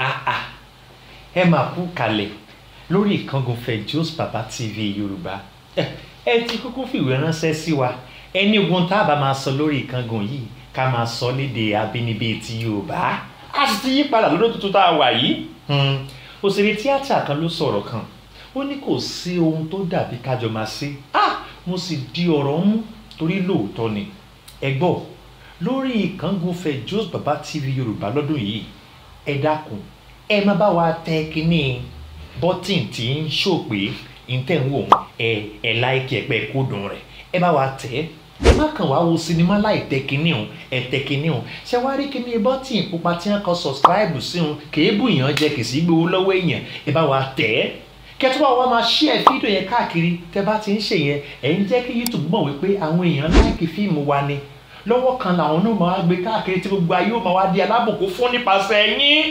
àà ah, ah. ẹ máa kú kalẹ̀ lórí ìkángun Fejosbaba baba tv yorùbá ẹ ti kúkú fìwé ránṣẹ́ sí wa ẹni ogun tá a bá máa sọ lórí ìkángun yìí ká máa sọ léde abínibí ti yorùbá a sì ti yí padà lọ́dún tuntun tá a wà yìí hmm. òṣèré tíátà kan ló sọ̀rọ̀ kan ó ní kò sí ohun tó dàbí kájọ máa ṣe ah mo sì di ọ̀rọ̀ mú torí lóòótọ́ ni ẹ gbọ́ lórí ìkángun Fejosbaba tv yorùbá lọ́dún yìí ẹ dákun ẹ má bá wa tẹ kínní bọ́tìn tí ń ṣò pé ìtẹ̀ ń wò ẹ ẹ láìkí ẹ pé kódùn rẹ̀ ẹ bá wa tẹ̀ ẹ má kàn wá wo sinimá láì tẹ kínní o ẹ tẹ kínní o ṣé wàá rí kínní bọ́tìn pupa tí wọ́n kọ sọ̀sìkíráìbù sí wọn kéébù yàn jẹ kìsì gbowó lọ́wọ́ èèyàn ẹ bá wa tẹ̀ ẹ́ kẹtùbà wa máa ṣí ẹ fídíò yẹn káàkiri tẹ bá ti ń ṣe yẹn ẹ ń jẹ́ kí YouTube mọ̀ wípé àwọn èèyàn láìkí fíìmù wa ni lọ́wọ́ kan làwọn náà máa gbé káàkiri tí gbogbo ayé ó máa wá di alábòkú fún nípasẹ̀ yín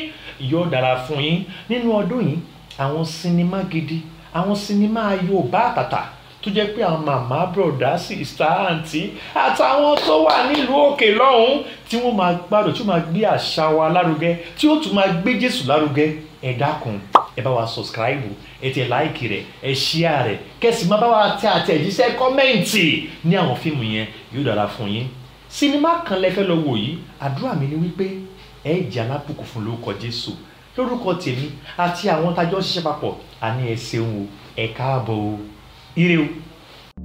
yóò dára fún yín nínú ọdún yìí àwọn sinimá gidi àwọn sinimá Yorùbá àtàtà tó jẹ́ pé àwọn màmá bùrọ̀dá sí ìsá àǹtí àtàwọn tó wà nílùú òkè lọ́hùn tí wọ́n máa gbádùn tí wọ́n máa gbé àṣà wa lárugẹ tí ó tún máa gbé Jésù lárugẹ ẹ dákun ẹ bá wa subscribe ẹ tẹ láìkì rẹ ẹ ṣíà rẹ kẹsì máa bá wa tẹ àtẹ̀jíṣẹ́ kọ́mẹ́ǹtì ní àwọn fíìmù yẹn yóò dára fún yín sinimá kan lẹ́fẹ́ lọ wò yìí àdúrà mi ni wípé ẹ jẹ́ alábùkún fún lórúkọ Jésù lórúkọ tèmi àti àwọn tájọ́ ṣiṣẹ́ papọ̀ àní ẹ ṣeun o ẹ káàbọ̀ o ire o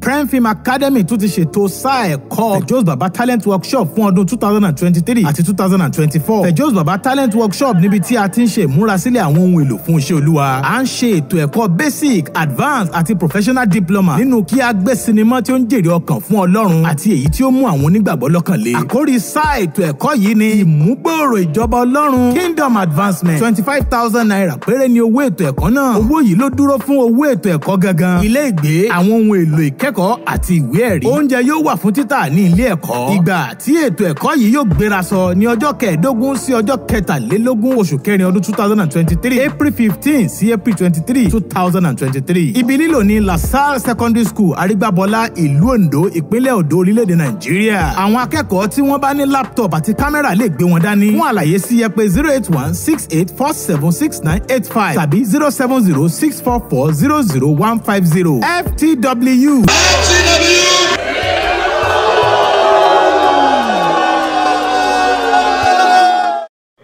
prime film academy tún ti ṣètò sáà ẹ̀kọ́ fejos baba talent workshop fún ọdún 2023 thousand and twenty-three àti two thousand baba talent workshop níbi tí a ti ń ṣe ìmúrasílẹ̀ àwọn ohun èlò fún iṣẹ́ olúwa à ń ṣe ètò ẹ̀kọ́ basic advanced àti professional diploma nínú kí a gbé sinimá tí ó ń jèrè ọkàn fún ọlọ́run àti èyí tí ó mú àwọn onígbàgbọ́ lọ́kàn lé àkórí sáà ètò ẹ̀kọ́ yìí ni ìmúgbòòrò ìjọba ọlọ́run kingdom advancement twenty-five thousand naira péré ni owó ètò ẹ̀kọ́ náà owó yìí ló dúró fún owó ètò ẹ̀kọ́ gangan ilé ìgbé àwọn ohun èlò ìkẹ́kọ̀ọ́ àti ìwé ẹ̀rí. oúnjẹ yóò wà fún títà ní ilé ẹ̀kọ́. ìgbà tí ètò ẹ̀kọ́ yìí yóò gbéra sọ ní ọjọ́ kẹẹ̀ẹ́dógún sí ọjọ́ kẹtàlélógún oṣù kẹrin ọdún two thousand and twenty-three april fifteen sí april twenty-three two thousand and twenty-three. ibi lílò ní lasalle secondary school arígbábọlá ìlú ondo ìpínlẹ̀ ondo orílẹ̀-èdè nàìjíríà. àwọn akẹ́kọ̀ọ́ tí wọ́n bá ní laptop àti kámẹ́rà lè gbé wọn dání. fún àlàyé sí ẹ pé zero eight one six eight four seven six nine eight five tàbí zero seven zero six four four zero zero one five zero ftw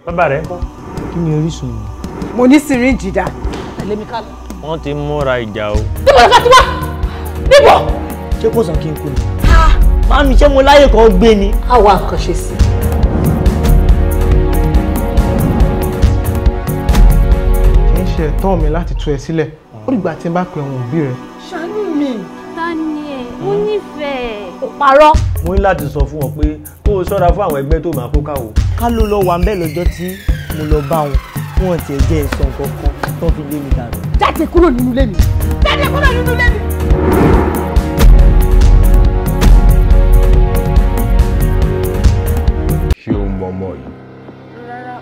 bàbá rẹ̀ ń kọ́. kí ni orísun yìí. mo ní síríǹjì dá. tẹ̀lé mi ká lọ. wọ́n ti múra ìjà o. tí mo lọ ká ti wá níbọ̀. ṣé kò sàn kí n kú ni. máa mi ṣé mo láyè kan gbé ni. a wá nǹkan ṣe sí i. kì í ṣe ẹ̀tọ́ mi láti tú ẹ sílẹ̀ ó dìgbà tí n bá pe àwọn òbí rẹ. ṣáà parọ́. mo ní láti sọ fún ọ pé kó o ṣọ́ra fún àwọn ẹgbẹ́ tó máa kó káwọ. ká ló lọ wà ń lọ́jọ́ tí mo lọ bá wọn fún ọ̀tí ẹ̀jẹ̀ ẹ̀sọ́ kankan tó fi lé mi dànù. jáde kúrò nínú ilé jáde kúrò nínú ilé ṣé o mọ ọmọ yìí. rárá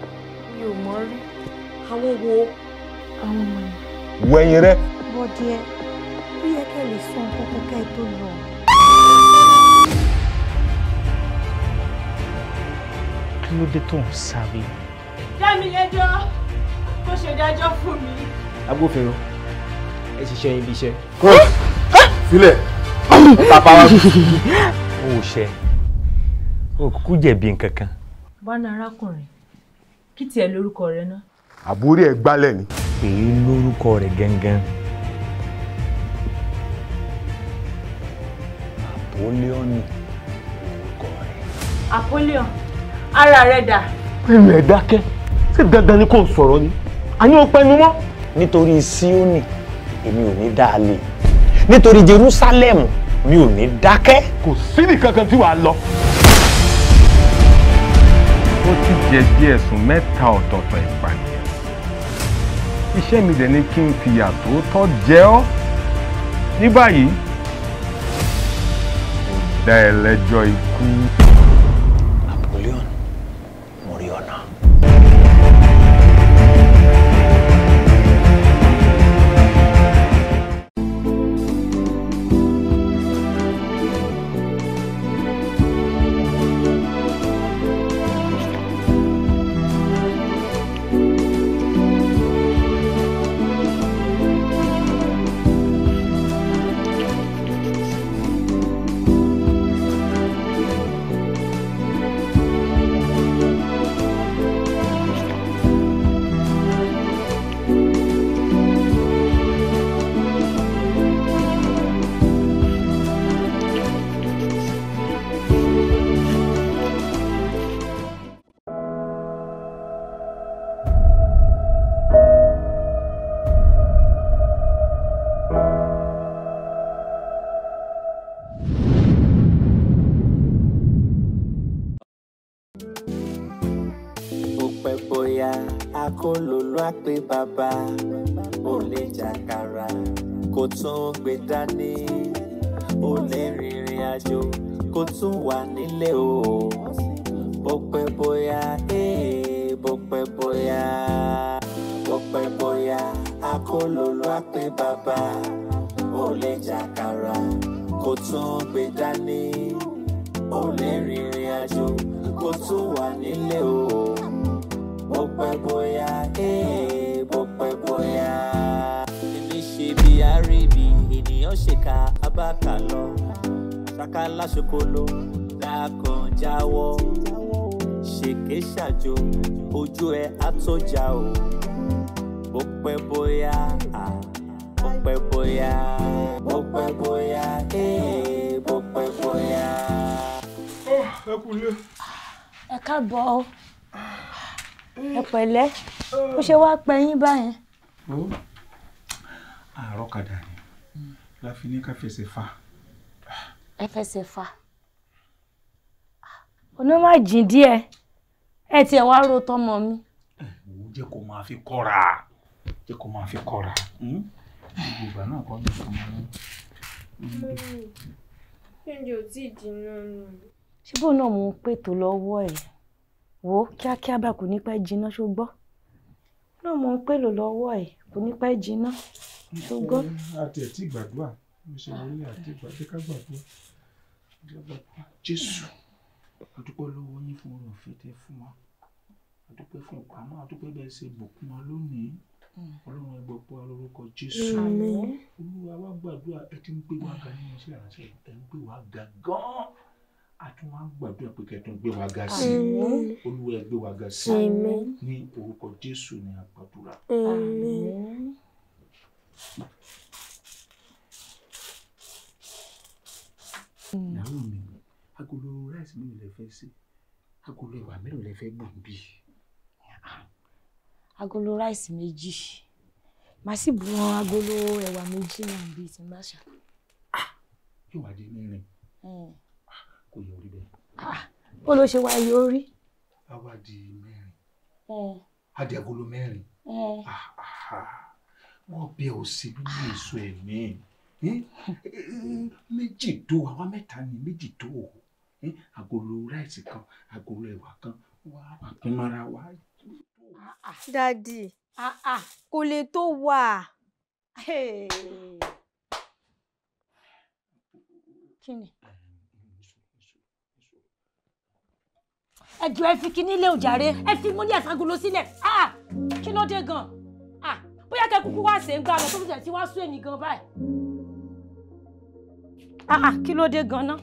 mi ò mọ rí àwọn wo àwọn ọmọ yìí. wẹ̀yìn rẹ. bọ́dẹ bí ẹ kẹ́ lè sọ nǹkan kọ́kẹ́ tó lọ. kí ló dé tó ń sáré. dámilẹ́jọ́ kó ṣe dájọ́ fún mi. agbófinró ẹ ṣiṣẹ́ yín iṣẹ́. kọ́ sílẹ̀ pàpà wa. o ò ṣe o kúkú jẹ̀bi nǹkan kan. bánà arákùnrin kí tiẹ̀ lórúkọ rẹ ná. àbúrò ẹ̀ gbálẹ̀ ni. pè é lórúkọ rẹ̀ gangan. Napoleon ni orúkọ rẹ̀ ara rẹ dà. ẹnu ẹ dákẹ́ ṣé dandan ni kò sọ̀rọ̀ ni àní o pẹnu mọ́. nítorí Síónì èmi ò ní dáa lé nítorí Jerúsálẹ́mù mi ò ní dákẹ́. kò síbi kankan tí wàá lọ. ó ti jẹ̀bi ẹ̀sùn mẹ́ta ọ̀tọ̀ọ̀tọ̀ ìpànìyàn iṣẹ́ mi dẹ̀ ni kí n fìyà tó tọ́ jẹ ọ́ ní báyìí kò dá ẹlẹ́jọ́ ikú. ṣe wá pẹ yín báyẹn. ó àárọ̀ kadà ni la fi ní ká fẹsẹ̀ fa. ẹ fẹsẹ̀ fa onímọ̀ jìn díẹ̀ ẹ tiẹ̀ wá ro tọmọ mi. jẹ́ kó máa fi kọ́ra jẹ́ kó máa fi kọ́ra hm? gbogbo ìgbà náà kọ́ ní ọmọ náà. kéńjì ò tí ì dínà nù. ṣé bóun náà mò ń pètò lọ́wọ́ ẹ̀ wò ó kíákíá bá kò ní pẹ́ jiná ṣó gbọ́ náà mo ń pèlò lọ́wọ́ ẹ̀ kò ní pẹ́ jiná tó gbọ́. àti ẹ̀ tí gbàdúrà mo ṣe wọlé àti ìgbàdé ká gbàdúrà gbàdúrà jésù a dúpẹ́ lọ́wọ́ yín fún oore ọ̀fẹ́ tẹ́ fún wa a dúpẹ́ fún ìpamọ́ a dúpẹ́ bẹ́ẹ̀ ṣe bùkún wa lónìí ọlọ́run ẹ gbọ́ pé wa lórúkọ jésù olúwa wa gbàdúrà ẹ ti ń gbé wa ga nínú iṣẹ́ ìránṣẹ́ ẹ ń gbé wa ga gan-an a tún wá gbàdúrà pé kẹtùn gbé wa ga sí i olúwa ẹ gbé wa ga sí i ní orúkọ jésù ní àgbàdúrà. ìyàwó mi agolo ráìsì mi lè fẹ́ sí agolo ẹ̀wà mélòó lè fẹ́ gbọ̀n bí. Ah, agolo ráìsì méjì màá sì bu wọn agolo ẹ̀wà méjì náà bíi ti máṣà. Ah, yóò wá di mẹ́rin. Hmm kò yẹ orí bẹ́ẹ̀. Ah, bó ló ṣe wá iye orí. a wá di mẹ́rin adiagolo mẹ́rin ah, ah, wọ́n bẹ ò sí nínú èso ẹ̀mí méjì tó àwa mẹ́ta ni méjì tó o agolo ráìsì kan agolo ẹ̀wà kan wà á pín mọ́ra wa. dadi kò lè tó wà. kí ni. ẹ jọ̀ọ́ ẹ fi kinní lé òjàre ẹ fi múlẹ̀ àtàgolo sílẹ̀ ah, kí ló dé gan ah, bóyá kẹ kúkú wá ṣe ń gbà lọ tó fi tẹ̀sí wá sún èmi gan báyìí ah, kí ló dé gan náà.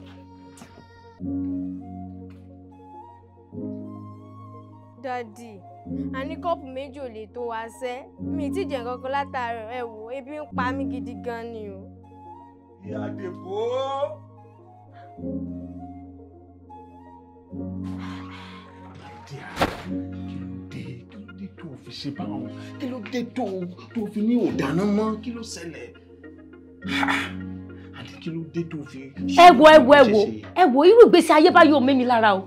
dadi a ní kọ́ọ̀pù méjì ò lè tó wa sẹ́ mi ì tí kankan látàárọ̀ ẹ wò ebi ń pa mí gidi gan ni o. ìyá dèbò dé ara kí ló dé kí ló dé tó o fi ṣe báwọn kí ló dé tó o tó o fi ní òdáná mọ́ kí ló ṣẹlẹ̀ àti kí ló dé tó o fi. ẹ wo ẹ wo ẹ wo ẹ wo irú ìgbésí ayé bá yóò mẹ́mi lára o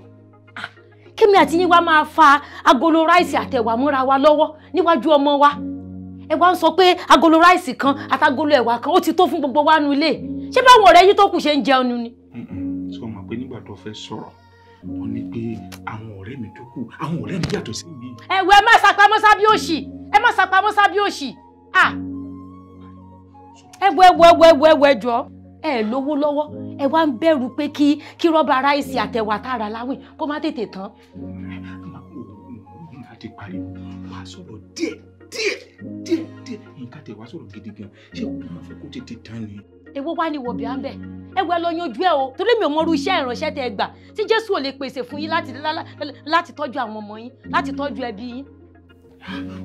ah, kémi àti yín wá máa fa agolo ráìsì àtẹ̀wà múra wa lọ́wọ́ níwájú ọmọ wa ẹ wá ń sọ pé agolo ráìsì kan àtagolo ẹ̀wà kan ó ti tó fún gbogbo wa nu ilé ṣé báwọn ọ̀rẹ́ yín tó kù ṣe ń jẹun ni. sọ ma pé nígbà tó fẹ́ sọ̀rọ̀ wọ́n ní pé àwọn ọ̀rẹ́ mi tó kù àwọn ọ̀rẹ́ mi yàtọ̀ sí mi. ẹ̀wẹ̀ ẹ má sàpamọ́ sábí òṣì ẹ má sàpamọ́ sábí òṣì à ẹ̀wẹ̀ ẹ̀wẹ̀ ẹ̀wẹ̀ ẹ̀wẹ̀ ẹ̀wẹ̀ jọ ẹ lówó lọ́wọ́ ẹ wá ń bẹ̀rù pé kí kí rọ́bà ráìsì àtẹ̀wà tààrà láwìn kó má tètè tán. láti pariwo wàá sọ̀rọ̀ díẹ̀ díẹ̀ díẹ̀ díẹ̀ nǹkan tẹ̀ wá sọ̀rọ̀ gidi gan ṣé òun máa fẹ́ kó tètè tán ni èwo wá ni wò bí à ń ẹ wẹ lọ yanjú ẹ o torí mi ò mọrú iṣẹ́ ìránṣẹ́ tẹ gbà tí jésù ò lè pèsè fún yín láti láti tọ́jú àwọn ọmọ yín láti tọ́jú ẹbí yín.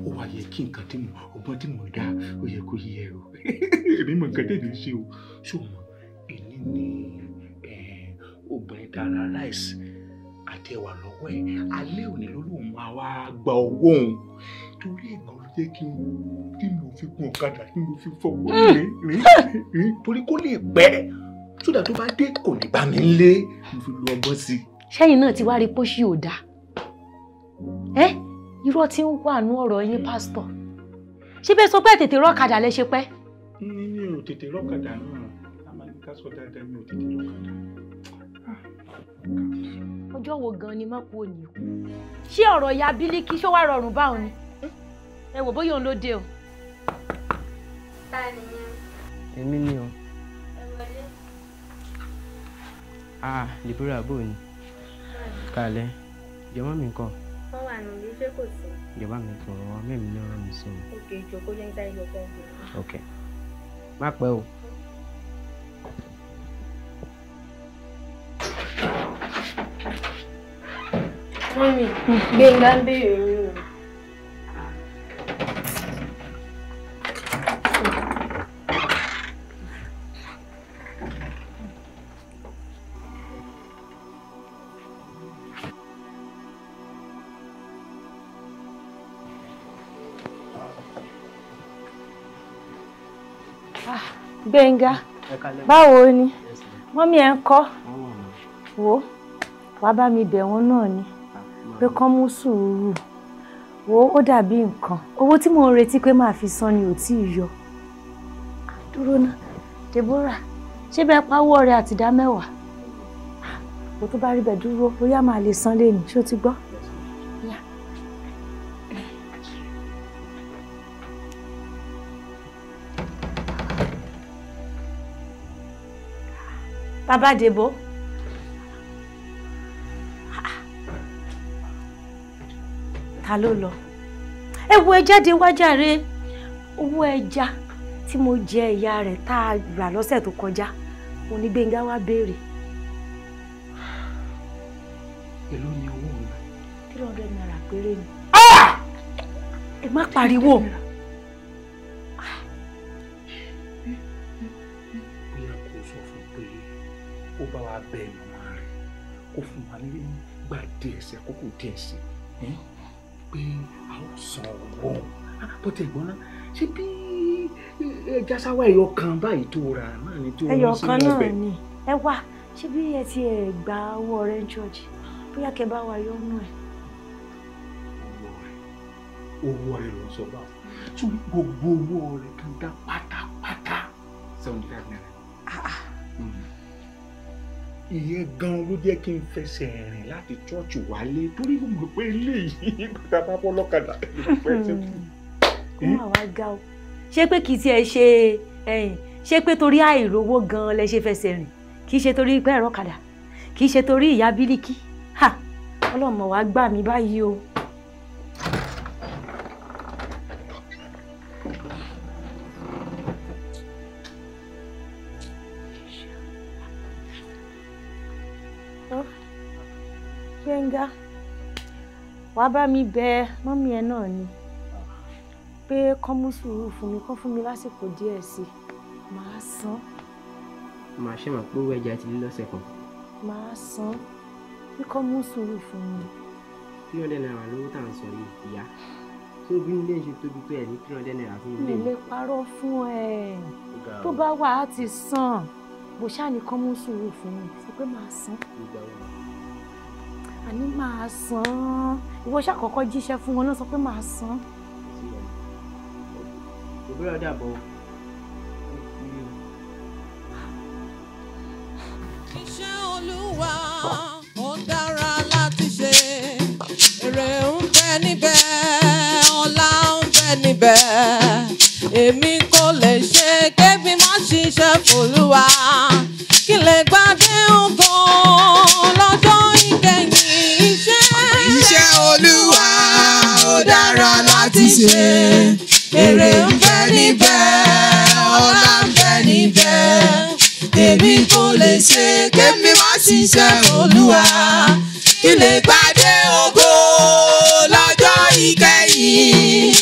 ó wá yẹ kí nǹkan tí mo ọgbọ́n tí mo dá ó yẹ kó yí ẹ o èmi mọ nǹkan tẹ̀lé ṣe o ṣùgbọ́n èmi ní obìnrin dára rice àti ẹwà lọ́wọ́ ẹ̀ alẹ́ òní ló lóun máa wá gba owó òun torí ẹ̀gbọ́n jẹ́ kí n kí n lò fi gun ọ̀kadà kí n lò fi fọwọ́ hmm. rìn rìn rìn torí kó lè pẹ́ sódà tó bá dé kò ní bá mi lé mo fi lo ọgbọ́n sí i. sẹ́yìn náà ti wá rí pósí ò dáa ẹ́ irọ́ tí ń wà nú ọ̀rọ̀ yín pásítọ̀ ṣé bẹ́ẹ̀ sọ pé tètè rọ́kadà lẹ ṣe pẹ́. mi ò tètè rọ́kadà náà a máa ní ká sọ dáadáa mi ò tètè rọ́kadà. ọjọ́ wo gan-an ni mọ́kù ò ní ṣé ọ̀rọ̀ ìyá bílíkì ṣó wá rọrùn báwọn ni ẹ wò bóyá òun ló dé o. ta nìyẹn. èmi ni o. ẹ wọlé. ah libra bò ni. kalẹ̀ jọmọ mi kọ. wọ́n wà nù ní ṣé kò sí. ìjọba mi kọ ọ mẹ́mi ni ọ̀rọ̀ mi sí mi. ok ìjòkó jẹ́ ń dá ìlú ọkọ̀ ok má pẹ́ o. mọ́mí gbẹ̀ngàn béèrè mi. Gbénga báwo ni mọ́mí ẹ̀ ń kọ́ wò oh. wá bá mi bẹ̀ wọ́n náà ni ah, pé kán mú sùúrù wò ó dàbí nǹkan owó tí mò ń retí pé màá fi san ni ò tí ì yọ dúró ná Deborah ṣé bẹ́ẹ̀ pawó ọ̀rẹ́ àtìdá mẹ́wàá kò ah, tó bá rí bẹ́ẹ̀ dúró bóyá màá lè san lé ní ṣó ti gbọ́. Abádébọ̀ ta ló lọ ẹ wo ẹja dé wá jàre owó ẹja tí mo jẹ ìyá rẹ̀ tá a gbà lọ́sẹ̀ tó kọjá mo ní Gbénga wá béèrè. èló ni owó mi. three hundred naira péré ni. Ah! ẹ má pariwo. abẹ́ màmá rẹ̀ kó fún wa ní gbà díẹ̀ sí àkókò díẹ̀ sí pé a ó san owó ah, bó ti gbọ́n náà ṣé bí ẹja sáwá ẹyọ kan báyìí tó rà náà ni tó ń sìn ọbẹ̀. ẹyọ kan náà ni ẹ wá ṣé bí ẹ ti ẹ gba owó ọ̀rẹ́ George bóyá kẹ bá wa yọ ọ́ nù ẹ̀ owó rẹ lọ sọ báwọn tún gbogbo owó rẹ kan dá pátápátá seventy five naira ìyẹn gan ló jẹ́ kí n fẹsẹ̀ rìn láti chọ́ọ̀chì wálé torí mo mọ̀ pé eléyìí bàtà bá bọ́ lọ́kadà ló fẹ́ hmm. o ṣé pé kì í tiẹ̀ ṣe ṣé pé torí àìrówó gan lẹ ṣe fẹsẹ̀ rìn kì í ṣe torí ìgbà ẹ̀rọ kadà kì í ṣe torí ìyá bílíkì ọlọ́mọ wa gbà mí báyìí o. wàá bá mi bẹ mọ́mí ẹ náà ni pé kán mú sùúrù fún mi kán fún mi lásìkò díẹ̀ sí i màá san. màá ṣe mọ̀ pé owó ẹja ti lé lọ́sẹ̀ kan. màá san pé kán mú sùúrù fún mi. three hundred naira lówó tá à ń sọ yìí ìyá tó bí nílé ṣe tóbi tó ẹ ní three hundred naira fún ilé. mi lè parọ́ fún ẹ tó bá wà á ti san bó ṣáà ní kán mú sùúrù fún mi sí pé màá san àní máa san án ìwọ ṣàkọ́kọ́ jíṣẹ́ fún wọn ló sọ pé máa san án. òbúrò dàbọ̀ iṣẹ́ olúwa ó dára láti ṣe èrè ń bẹ níbẹ̀ ọlá ń bẹ níbẹ̀ èmi kò lè ṣe kébì má ṣiṣẹ́ fòlúwa kí lè gbádùn kó. ti ṣe èrè ń bẹ níbẹ̀ ọlá ń bẹ níbẹ̀ èmi kò lè ṣe kémi má ṣiṣẹ́ olúwa kí lè pàdé ògo lọ́jọ́ ìkẹyìn.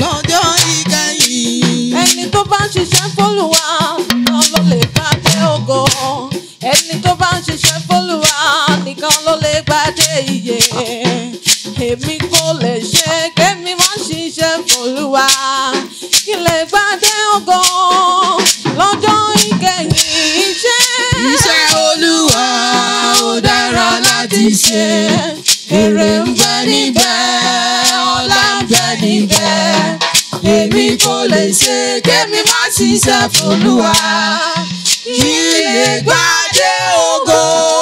lọ́jọ́ ìkẹyìn. ẹni tó bá ń ṣiṣẹ́ fólúwa náà ló lè pàdé ògo ẹni tó bá ń ṣiṣẹ́ fólúwa nìkan ló lè pàdé ìyè èmi kò lè ṣe kémi má ṣiṣẹ́ fòlúwa kí lè gbàdé ògo lọ́jọ́ ìkẹyìn iṣẹ́. iṣẹ́ olúwa ó dára láti ṣe èrè ń bẹ níbẹ̀ ọlá ń bẹ níbẹ̀ èmi kò lè ṣe kémi má ṣiṣẹ́ fòlúwa kí lè gbàdé ògo.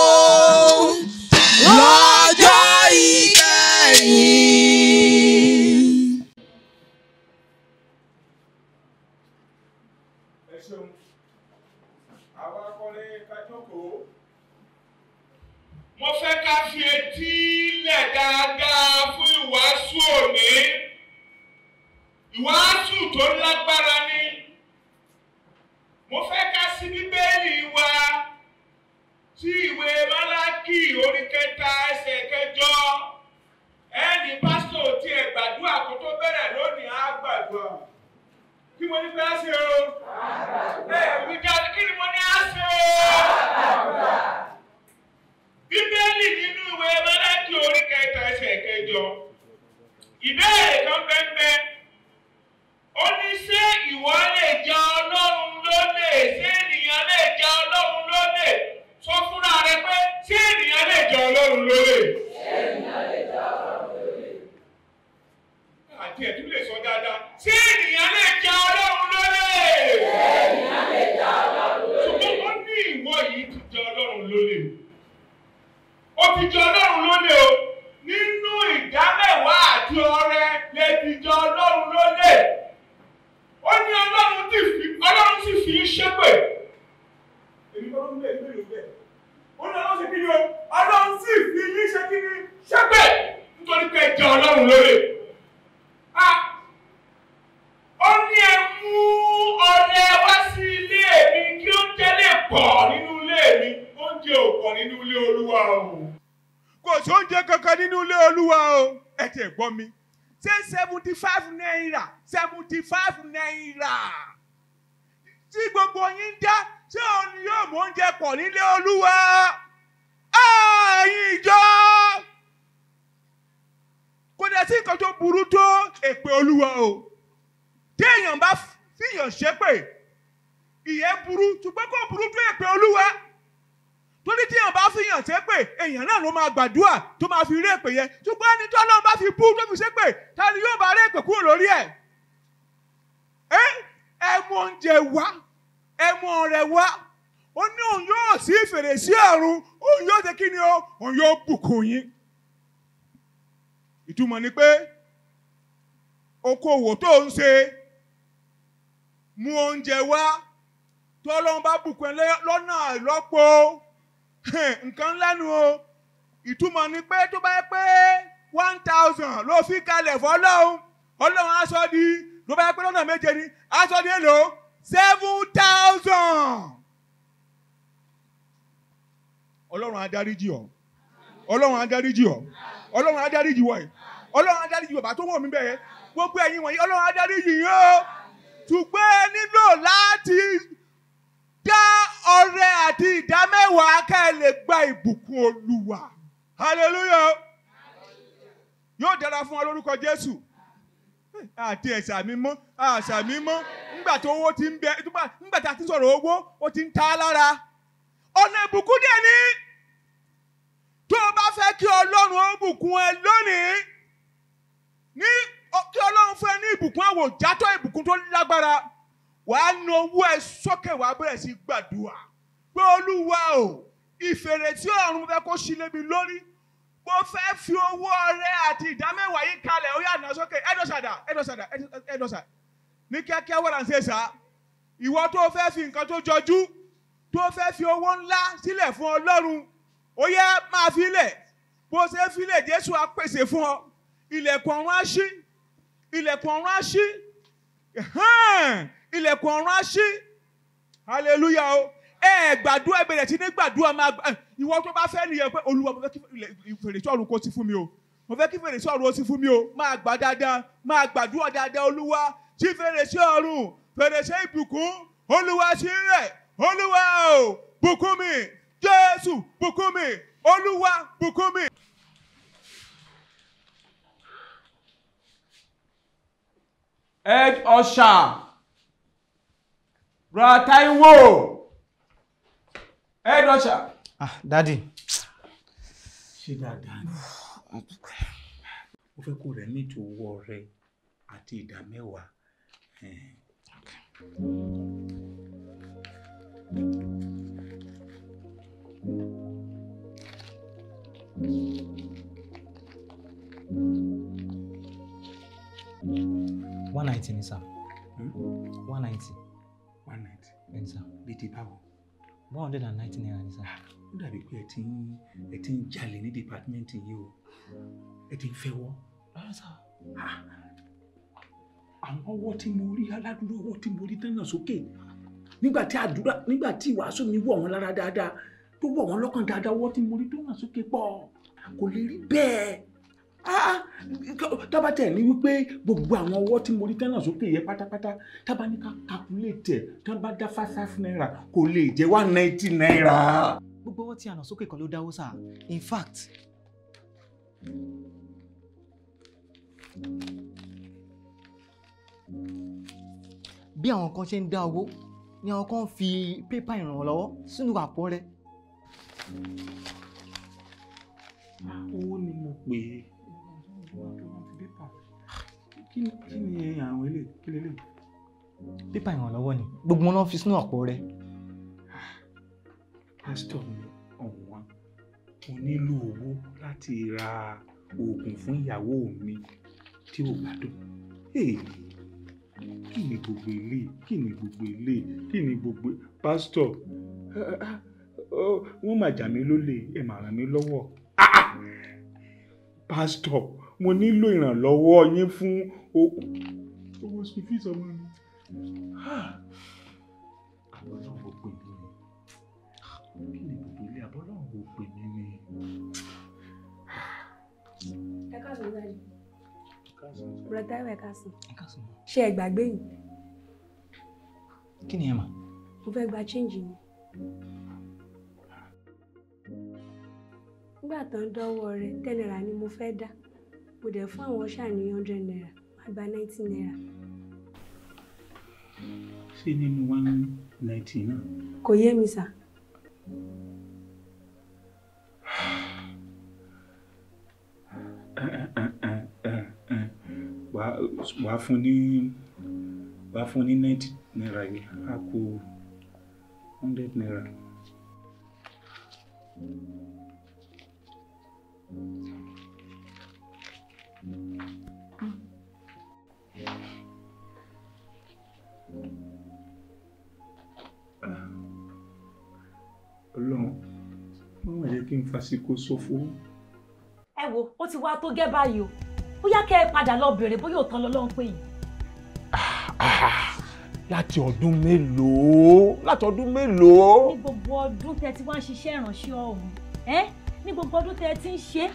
tó máa fi rí èpè yẹn ṣùgbọ́n ẹni tó Ọlọ́run bá fi bú tó fi ṣépè ta ni yóò bá rí èpè kúrò lórí ẹ̀ ẹ ẹ mú oúnjẹ wá ẹ mú ọrẹ wá ó ní òun yóò sí fèrèsé ọ̀run òun yóò ṣe kí ni o òun yóò bùkún yín ìtumọ̀ ni pé okòwò tó ń ṣe mú oúnjẹ wá tọ́lọ́n bá bùkún ẹ lọ́nà ìlọ́po nǹkan lẹ́nu o ìtumọ̀ ni pé tó bá yẹ one thousand ló fi kalẹ̀ fọlọ́hún ọlọ́run aṣọ di ló bá yẹ pé lọ́nà méje ni aṣọ di èlò seven thousand ọlọ́run adáríjì ọ ọlọ́run adáríjì ọ ọlọ́run adáríjì wọ̀ yìí ọlọ́run adáríjì bàbá tó wọ̀ mí bẹ́ẹ̀ gbogbo ẹ̀yin wọ̀nyí ọlọ́run adáríjì yìí ó tùgbẹ́ nílò láti dá ọrẹ àti ìdámẹ́wàá ká ẹ lè gba ìbùkún olúwa hallelujah yóò dára fún wa lórúkọ jésù àti ẹ̀sà mímọ́ àṣà mímọ́ ńgbà tó owó ti ń bẹ ńgbà tá a ti sọ̀rọ̀ owó ó ti ń ta lára ọ̀nà ìbùkún dẹ̀ ni tó o bá fẹ́ kí ọlọ́run ó bùkún ẹ lónìí ní kí ọlọ́run fún ẹ ní ìbùkún àwòjátọ́ ìbùkún tó lágbára wàá na owó ẹ sókè wàá bẹ̀rẹ̀ sí gbàdúrà pé olúwa o ìfèrè tí ọ̀run fẹ́ kó ṣí lébi lórí mo fẹ́ fi owó ọrẹ àti ìdámẹ́wàá yìí kalẹ̀ ó yà ná sókè ẹ̀dọ̀sàdà ẹ̀dọ̀sàdà ẹ̀dọ̀sà ní kíákíá wọ́n ránṣẹ́ sá ìwọ tó fẹ́ fi nǹkan tó jọjú tó fẹ́ fi owó ńlá sílẹ̀ fún ọlọ́run ó yẹ máa filẹ̀ bó ṣe filẹ̀ jésù á pèsè fún ọ ilẹ̀kùn ọ̀run á ṣí ilẹ̀kùn ọ̀run á ṣí ilẹ̀kùn ọ̀run á ṣí hallelujah o ẹ gbàdúrà ẹ bẹ̀rẹ̀ sí ní gbàdúrà máa gbà ìwọ tó bá fẹ́ nìyẹn pé olúwa mo fẹ́ kí fèrèsé ọ̀run kó sí fún mi o mo fẹ́ kí fèrèsé ọ̀run ó sí fún mi o máa gbà dáadáa máa gbàdúrà dáadáa olúwa tí fèrèsé ọ̀run fèrèsé ìbùkún olúwa sí rẹ̀ olúwa o bùkún mi jésù bùkún mi olúwa bùkún mi. head usher brother Hey, dọ́ṣà. ah dadi. ṣé dáadáa ni mo fẹ́ kó rẹ̀ nítorí owó ọrẹ àti ìdá mẹ́wàá. one ninety ni sir. Hmm? one ninety. one ninety. bẹ́ẹ̀ sir. bíi power one hundred and ninety naira ni sir. Ah, ó dàbí pé ẹ ti ń ẹ ti ń jalè ní dìpátímẹ́ǹtì yìí o ẹ ti ń fẹ́ wọ́. rárá sá. Ah, àwọn ọwọ́ tí mo rí aládùúgbò ọwọ́ tí mo rí tán náà sókè nígbà tí àdúrà nígbà tí ìwàásù mi wọ̀ wọ́n lára dáadáa tó wọ̀ wọ́n lọ́kàn dáadáa ọwọ́ tí mo rí tó sókè pọ̀ kò lè rí bẹ́ẹ̀. Ah, ah. tábà tẹ̀ ní wípé gbogbo àwọn ọwọ́ tí mo rí tẹ́nà sókè yẹ pátápátá tábà ní ká calculate ẹ̀ tábà dá five five naira kò lè jẹ́ one ninety naira. gbogbo owó tí a nà sókè kan ló dáwó sáà in fact. bí àwọn kan ṣe ń dá owó ni àwọn kan fi pépà ìrànlọ́wọ́ sínú àpò rẹ̀. Ah, owó ni mo pè é wá tó rántí pépà kí ni àwọn ilé kí lè lè. pépà ìrànlọ́wọ́ ni gbogbo wọn fi sínú àpò rẹ. Ah, pásítọ̀ mi ọ̀hún wa mo nílò owó láti ra oògùn fún ìyàwó mi tí ò gbádùn. kí ni gbogbo ilé kí ni gbogbo ilé kí ni gbogbo pásítọ̀ ah, ah, oh, wọ́n máa jà mí lólè ẹ̀ máa ràn mí lọ́wọ́ pásítọ̀ mo nílò ìrànlọ́wọ́ yín fún owó school fees ọmọ mi. Ah! àbọ̀lọ́run ò pè mí ni kí ni gbogbo ilé àbọ̀lọ́run ò pè mí ni. ẹ káàsán dájú bùrọ̀ táyọ̀ ẹ káàsán ṣé ẹ gbàgbé yìí. kí ni ẹ mà. mo fẹ́ gba change ni. nígbà tó ń dánwò rẹ tẹ́lẹ̀ rà ni mo fẹ́ dá mo dẹ̀ fún àwọn ṣáà ní hundred naira wọ́n gba ninety naira. ṣé nínú one ninety náà. kò yé mi sà. wàá fún ní wàá fún ní ninety naira yìí a kù hundred naira. thank you kí n fàsìkò ṣòfò. ẹ wo ó ti wá tó gẹ́ báyìí o bóyá kẹ́ ẹ padà lọ bèrè bóyá òótọ́ lọ́lọ́run pé yìí. láti ọdún mélòó láti ọdún mélòó. ní gbogbo ọdún tẹ ti wá ń ṣiṣẹ́ ìránṣẹ́ ọ̀hún ẹ́ ní gbogbo ọdún tẹ ti ń ṣe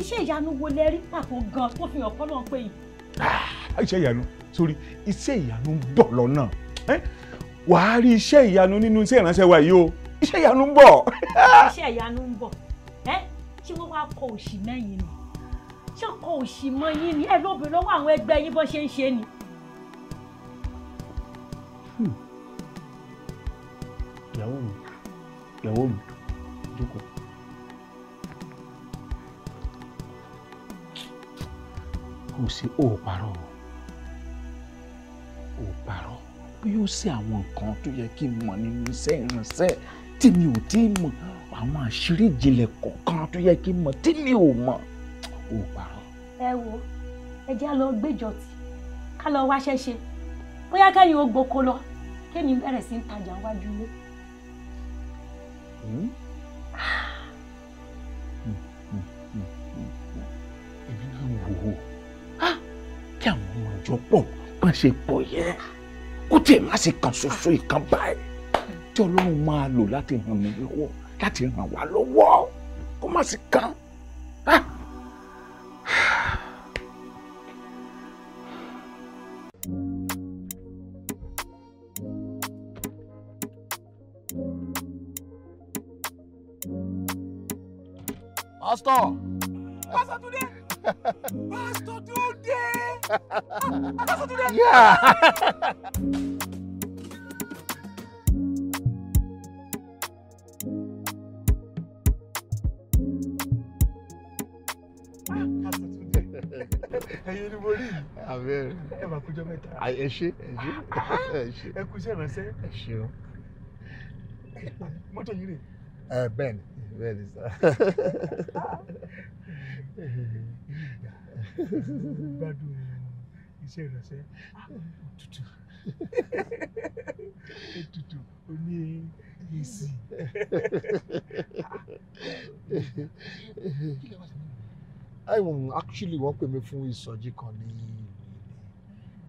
iṣẹ́ ìyanu wo lẹ rí pàtó gan tó fi hàn kọ́lọ́run pé yìí. Ah, iṣẹ́ ìyanu sórí iṣẹ́ ìyanu ń bọ̀ lọ́nà wàá rí iṣẹ́ ìyanu nínú iṣẹ́ ìránṣẹ́ wa yìí o iṣẹ́ ìyanu ń bọ̀. iṣẹ́ ìyanu ń bọ̀ ṣé wọ́n wá kọ òṣì mẹ́yìn ni ṣé kọ òṣì mọ yín ni ẹ lóbìnrin lọ́wọ́ àwọn ẹgbẹ́ yín bó ṣe ń ṣe ni. Hmm. ìyàwó mi ìyàwó mi jókòó. kò sí òòparọ́ òòparọ́ bí yóò ṣe àwọn nǹkan tó yẹ kí n mọ̀ nínú iṣẹ́ ìrìnsẹ̀ tí mi ò tí ì mọ̀ àwọn àṣírí ìjìnlẹ̀ kọ̀ọ̀kan tó yẹ kí n mọ̀ tí mi ò mọ̀ ò parọ́. ẹ wo ẹ jẹ́ lọ gbẹ́jọ́ tì ká lọ wáṣẹ́ ṣe bóyá kẹ́yìn ó gboko lọ kémi bẹ̀rẹ̀ sí ń tajà wájú ilé. Hmm? èmi náà wò ó kí àwọn ọmọ ìjọ pọ̀ bá ṣe pọ̀ yẹ kó tiẹ̀ má ṣe kan ṣoṣo ìkan báyìí tí ọlọ́run máa lò láti ràn mí lọ́wọ́ láti ràn wá lọ́wọ́ kó má sì kán. Ah. Pastor. Pastor Tunde. Pastor Tunde. Pastor Tunde. Yeah. ẹ̀yin ni mo rí yìí ẹ máa kújọ mẹ́ta ẹ ṣe ẹ ṣe ẹ kú iṣẹ́ ìránṣẹ́ ẹ ṣe o mọ́tò yìí rè. ẹ bẹ́ẹ̀ ni bẹ́ẹ̀ ni sá. gbádùn iṣẹ́ ìránṣẹ́ tutù ètùtù oní èsì. ẹ̀wọ̀n actually wọ́n pè mí fún ìsọjí kan ní ìlú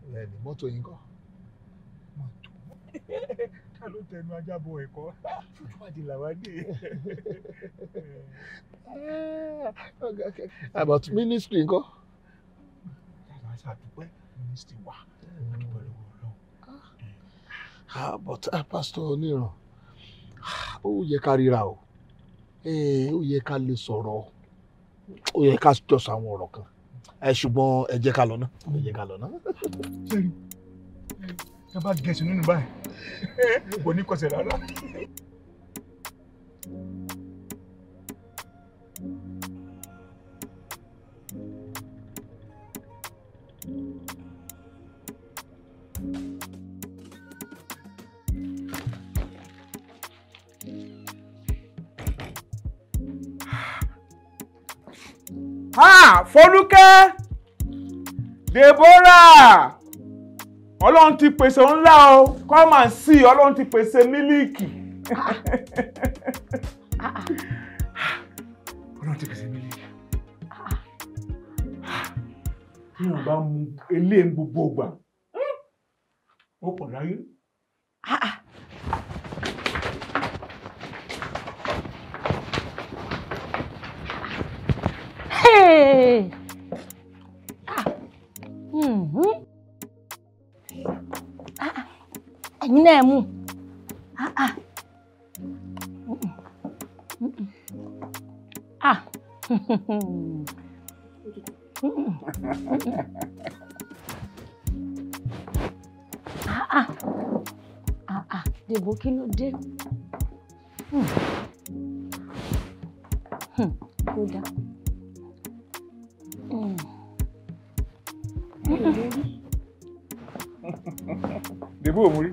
ilẹ̀ ẹ̀ẹ́dì mọ́tò yín kọ́. mọ́tò ká ló tẹnu ajábọ̀ ẹ̀kọ́ fojú àti dé. about ministry ńkọ́. Ah, ah, but ah, pastor oníran ó yẹ ká ríra o eh, ó yẹ ká lè sọ̀rọ̀ o ó yẹ ká jọ sọ àwọn ọ̀rọ̀ kan ẹ ṣùgbọ́n ẹ jẹ́ ká lọ ná ẹ jẹ́ ká lọ ná. ṣé ẹ bá gẹ̀ẹ́sì nínú báyìí kò ní kọsẹ̀ rárá. ha ah, Fọlúkẹ́ Debora ọlọ́run ti pèsè ńlá o come sí ọlọ́run ti pèsè mílíìkì ọlọ́run ti pèsè mílíìkì bá mu eléyìí gbogbo ó pọ̀ láyé. Ah, ah. ẹ̀yin náà mú dèbò kí ló dé kódà. Mm. dèbò òmùrí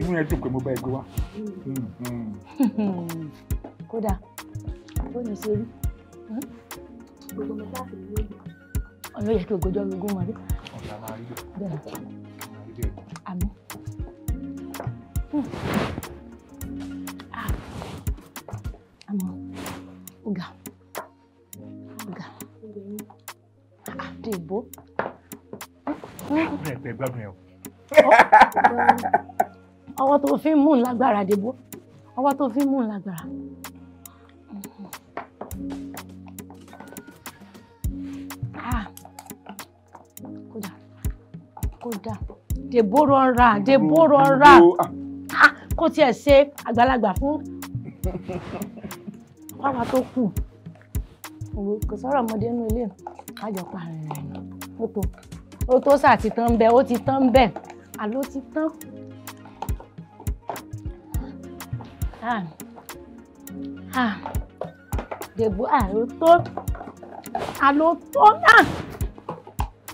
inú yẹn dùn pé mo bá ẹ gbé wá. kódà bó ni ṣe rí gbogbo mi láti rí lójú. ọ̀nà yẹ kí ògójọ́ mi gún rí. ọ̀la máa rí bẹ́ẹ̀ àmì. bò. ẹgbẹ́ gbádùn ẹ o. ọwọ́ tó fi ń mú lágbára dìbò ọwọ́ tó fi ń mú lágbára. Ah. kódà kódà dèbò rọra dèbò rọra ah, kó tiẹ̀ ṣe àgbàlagbà fún fáwa tó kù kò sọ̀rọ̀ ọmọdé inú ilé àjọpọ̀ àrẹ̀rẹ̀ ni ó tó ó tó sà ti tán a lo ti tán bẹ́ẹ̀ àló ti tán. dèbò àló tó àló tó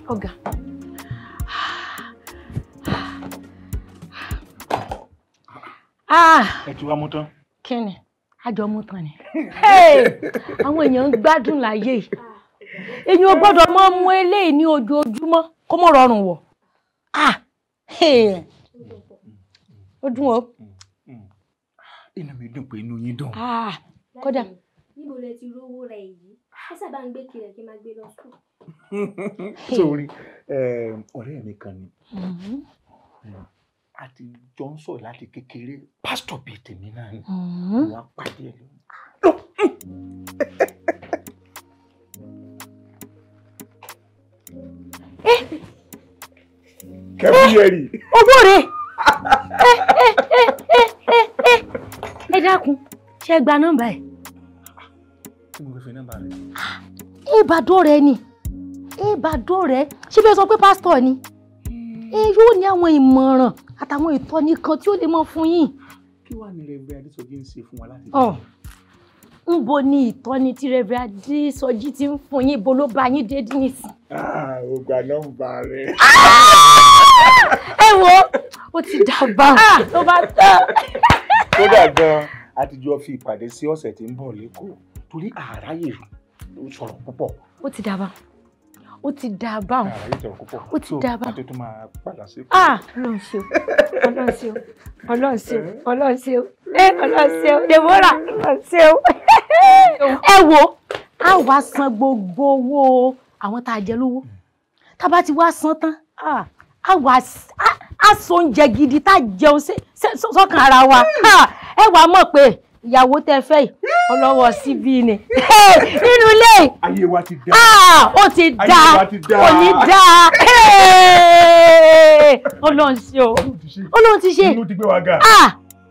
ọ̀gá. ẹ ah, wá mú tán. kí ni àjọ mú tán ni Hey, èèyàn ń gbádùn láyé yìí èyí ò gbọ́dọ̀ mọ́ mú eléyìí ní ojoojúmọ́ kó mọ̀ rọrùn wọ̀ ah ó dùn o. inú mi dùn pé inú yín dùn. kódà. níbo lẹ ti rówó rẹ yìí ó sábà ń gbé kiri kí n máa gbé lọ sùn. sórí eh, ọ̀rẹ́ mi kan ni mm-hmm. a ti jọ ń sọ̀rọ̀ láti kékeré pásítọ̀ bíi tèmi náà ni mm-hmm. wọ́n pàdé ẹ̀ lónìí. Eh, eh. kẹ́míyẹ̀rì. owó rẹ̀ ẹ dákun ṣe gba nọ́mbà ẹ̀. kí mo fi nọ́mbà rẹ. Ah, ìbàdàn rẹ ni ìbàdàn rẹ ṣé bí ẹ sọ pé pásítọ̀ ni ẹ eh, yóò ní àwọn ìmọ̀ràn àtàwọn ìtọ́ni kan tí ó lè mọ fún yín. kí wàá ní rẹ gbé ń ṣe fún wa láti. Oh ńbo ni ìtọ́ni tí rẹ̀bẹ̀ adésọjí ti ń fún yín ibo ló bá yín dé nísìn. ó ah, gba nọ́mbà rẹ. Ah! ẹ wo ó ti dàgbà ló ah! bá tán. kódà gan-an a ti jọ fi ìpàdé sí ọ̀sẹ̀ tí ń bọ̀ lẹ́kọ̀ọ́ torí àráyè sọ̀rọ̀ púpọ̀. ó ti dàgbà ó ti dá a ah, ó ti dá a bá wọn ah ọlọ́run ṣe o ọlọ́run ṣe o ọlọ́run ṣe o ọlọ́run ṣe o eh, ọlọ́run ṣe o dèmọ́ra ọlọ́run ṣe o ẹ wo a wá san gbogbo owó àwọn tá a jẹ lówó tá a bá ti wá san tán ah, a wá a so oúnjẹ gidi tá a jẹun sọ́kàn ara wa ah, ẹ wàá mọ̀ pé ìyàwó tẹ fẹ́ yìí ọlọ́wọ́ síbí ni nínú ilé ayé wa ti dá ah, ó ti dá kò ní dá ọlọ́run ṣe o ọlọ́run ti ṣe inú ti gbé wa ga ah,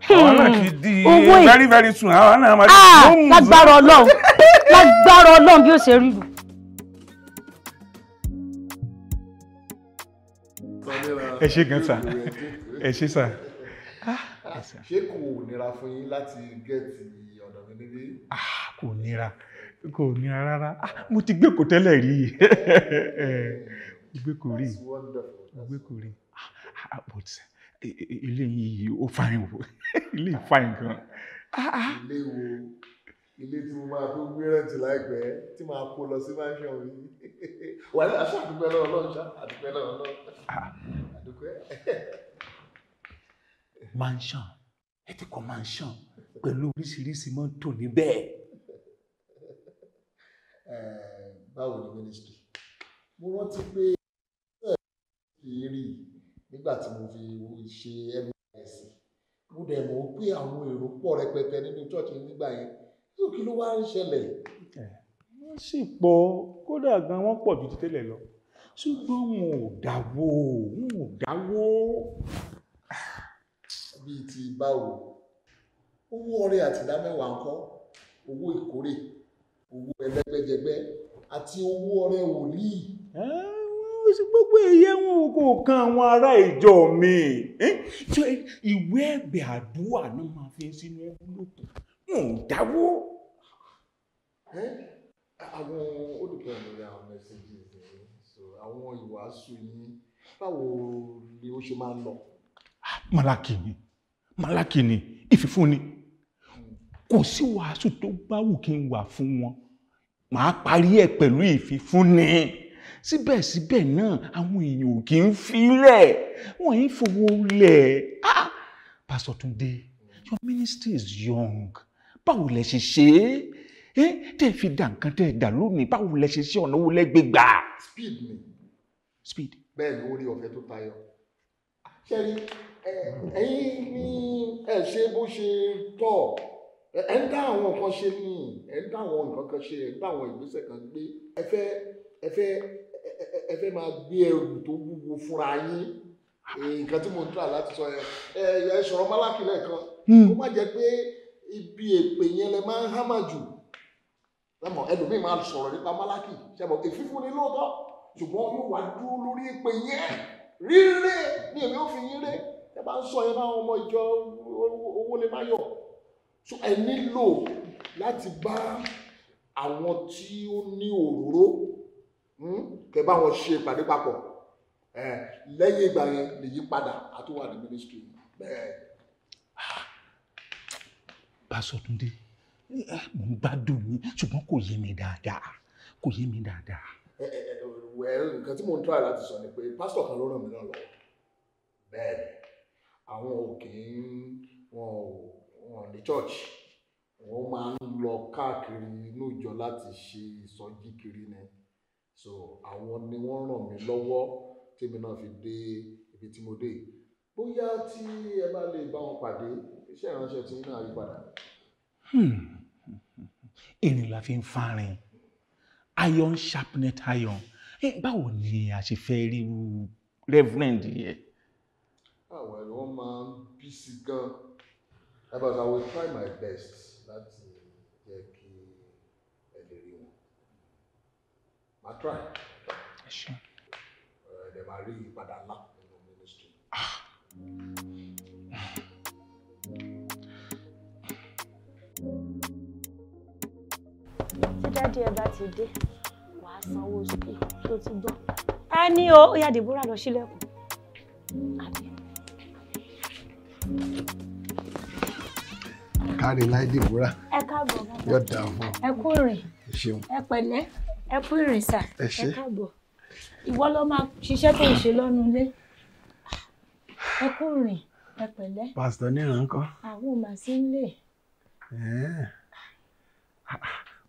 àwọn hmm. náà very very soon àwọn náà máa ti mú un. lágbára ọlọ́run lágbára ọlọ́run bí ó ṣe rí lù. ẹ ṣe gan sa ẹ ṣe sa ṣé kò nira fún yín láti gẹ̀ẹ́tì ọ̀dọ̀ mi níbí. Ah, kò nira kò nira rárá ah, mo ti gbé kò tẹ́lẹ̀ rí gbé kò rí gbé kò rí ah, e, e, ilé yìí ó fàyìn wò ilé yìí fàyìn gan. ilé wo ilé tí mo máa tó gbé rẹ̀ǹtì tí máa kó lọ sí mansion mi wà á ṣàdúpẹ́ lọ́wọ́ lọ́wọ́ ṣá àdúpẹ́ lọ́wọ́ lọ́wọ́ mansion ẹ ti kọ́ mansion pẹ̀lú oríṣiríṣi mọ́tò níbẹ̀. báwo ni ministry mo rántí pé bẹ́ẹ̀ fi rí nígbà tí mo fi ṣe ms mo dẹ̀ mọ̀ pé àwọn èrò pọ̀ rẹpẹtẹ nínú church nígbà yẹn yóò kí ló wá ń ṣẹlẹ̀. wọ́n sì pọ̀ kódà gan wọ́n pọ̀ ju ti tẹ́lẹ̀ lọ ṣùgbọ́n wọn ò dáwó wọn ò dáwó bíi ti báwo owó ọrẹ àtìdámẹ́wàá ńkọ́ owó ìkórè owó ẹlẹ́gbẹ́jẹgbẹ́ àti owó ọrẹ wòlíì. ó sì gbogbo èyẹ wọn kò kan àwọn ará ìjọ mi ìwé ẹ̀bẹ̀ àdúrà náà máa fi sínú ẹgbẹ́lópọ̀ wọn ò dáwọ́. àwọn olùkọ́ ìlú àwọn mẹ́sẹ̀gì àwọn ìwàásù yín báwo ni ó ṣe máa ń lọ. mọ́lákì ni. Malaki ni ìfìfúnni kò sí wàásù tó bá wù kí n wà fún wọn màá parí ẹ̀ pẹ̀lú ìfìfúnni síbẹ̀síbẹ̀ náà àwọn èèyàn ò kì í filẹ̀ wọ́n yìí fowó lẹ̀ ah Pastor Tunde your ministry is young báwo lẹ ṣe ṣe é tẹ́ fi dà nǹkan tẹ́ dà lónìí báwo lẹ ṣe ṣe ọ̀nà wo lẹ́gbẹ̀ẹ́ gbà. speed ni speed bẹ́ẹ̀ ni ó rí ọ̀fẹ́ tó tayọ ṣẹ́rí ẹ̀yin ni ẹ ṣe bó ṣe tọ́ ẹ ń dá àwọn nǹkan ṣe ní ẹ ń dá àwọn nǹkan kan ṣe ẹ ń dá àwọn ìgbésẹ̀ kan gbé ẹ fẹ́ ẹ fẹ́ ẹ fẹ́ máa gbé ẹrù tó wúwo fúnra yín nǹkan tí mo ń tà láti sọ yẹn ẹ ẹ sọ̀rọ̀ málákì lẹ́ẹ̀kan hmm. kó má jẹ́ pé ibi èpè yẹn lẹ máa ń hámà jù lẹ́mọ̀ ẹlòmíì máa sọ̀rọ̀ nípa málákì ṣẹ́mọ̀ èfífún ni lóòótọ́ ṣùgbọ́n yóò wá dúró lórí èpè yẹn rírẹ́ ni èmi ò fi yín rẹ́ ẹ bá ń sọ yẹn fáwọn ọmọ ìjọ owó lè má yọ so ẹ nílò láti bá àwọn tí ó ní òróró kẹ bá wọn ṣe ìpàdé papọ̀ lẹ́yìn ìgbà yẹn lèyí padà àtúwà ní ministry bẹ́ẹ̀. Bàṣọ̀túndé mo ń gbádùn yín ṣùgbọ́n kò yé mi dáadáa kò yé mi dáadáa. nǹkan tí mo ń tọ́ àyà láti sọ ni pé pásítọ̀ kan ló ràn mí náà lọ́wọ́ bẹ́ẹ̀ ni àwọn ò kì í wọn ò wọn ní church wọ́n máa ń lọ káàkiri inú ìjọ láti ṣe ìsọjí kiri ni so àwọn ni wọ́n ràn mí lọ́wọ́ tèmi náà fi dé ibi tí mo dé bóyá tí ẹ bá lè bá wọn pàdé iṣẹ́ ìránṣẹ́ tí náà yí padà. ìrìn hmm. la fi ń farin iron sharpened iron eh, báwo ni a ṣe fẹ́ rí reverend yẹn àwọn ẹ̀rọ máa ń bí sí gan about I will try my best láti jẹ́ kí ẹ lè rí wọn màá try ẹ̀ẹ́dẹ̀ máa rí ìyípadà ńlá nínú ministry. tí dáàdi ẹ bá ti dé wàá sanwó sùkúl tó ti gbọ́. a ní o ó yá Deborah lọ sílẹ̀kùn káre láìdè búra ẹ káàbọ̀ yóò dà fún ọ ẹ kú rìn ẹ ṣeun ẹ pẹ̀lẹ́ ẹ kú rìn sà ẹ káàbọ̀ ìwọ ló máa ṣiṣẹ́ tó ń ṣe lọ́nu ilé ẹ kú rìn ẹ pẹ̀lẹ́. pásítọ̀ ní ìrànkọ́. àwọn ò mà sí nílé.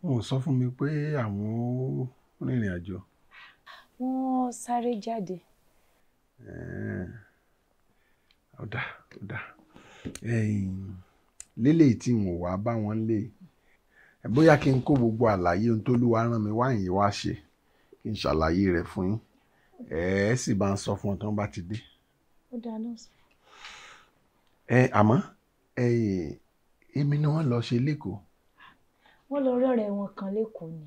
wọn ò mi pé àwọn ó rìnrìn àjò. wọ́n sáré jáde. ọ̀dà ọ̀dà léléyìí tí n ò wá bá wọn lé bóyá kí n kó gbogbo àlàyé ohun t'Olúwa rán mi wáyìn wá ṣe kí n ṣàlàyé rẹ̀ fún yín ẹ ẹ sì bá ń sọ fún ọ tí wọ́n bá ti dé. ó dáná sọ. ẹ àmọ́ èmi ni wọ́n lọ ṣe lẹ́kọ̀ọ́. wọ́n lọ rí ọ̀rẹ́ wọn kan lẹ́kọ̀ọ́ ni.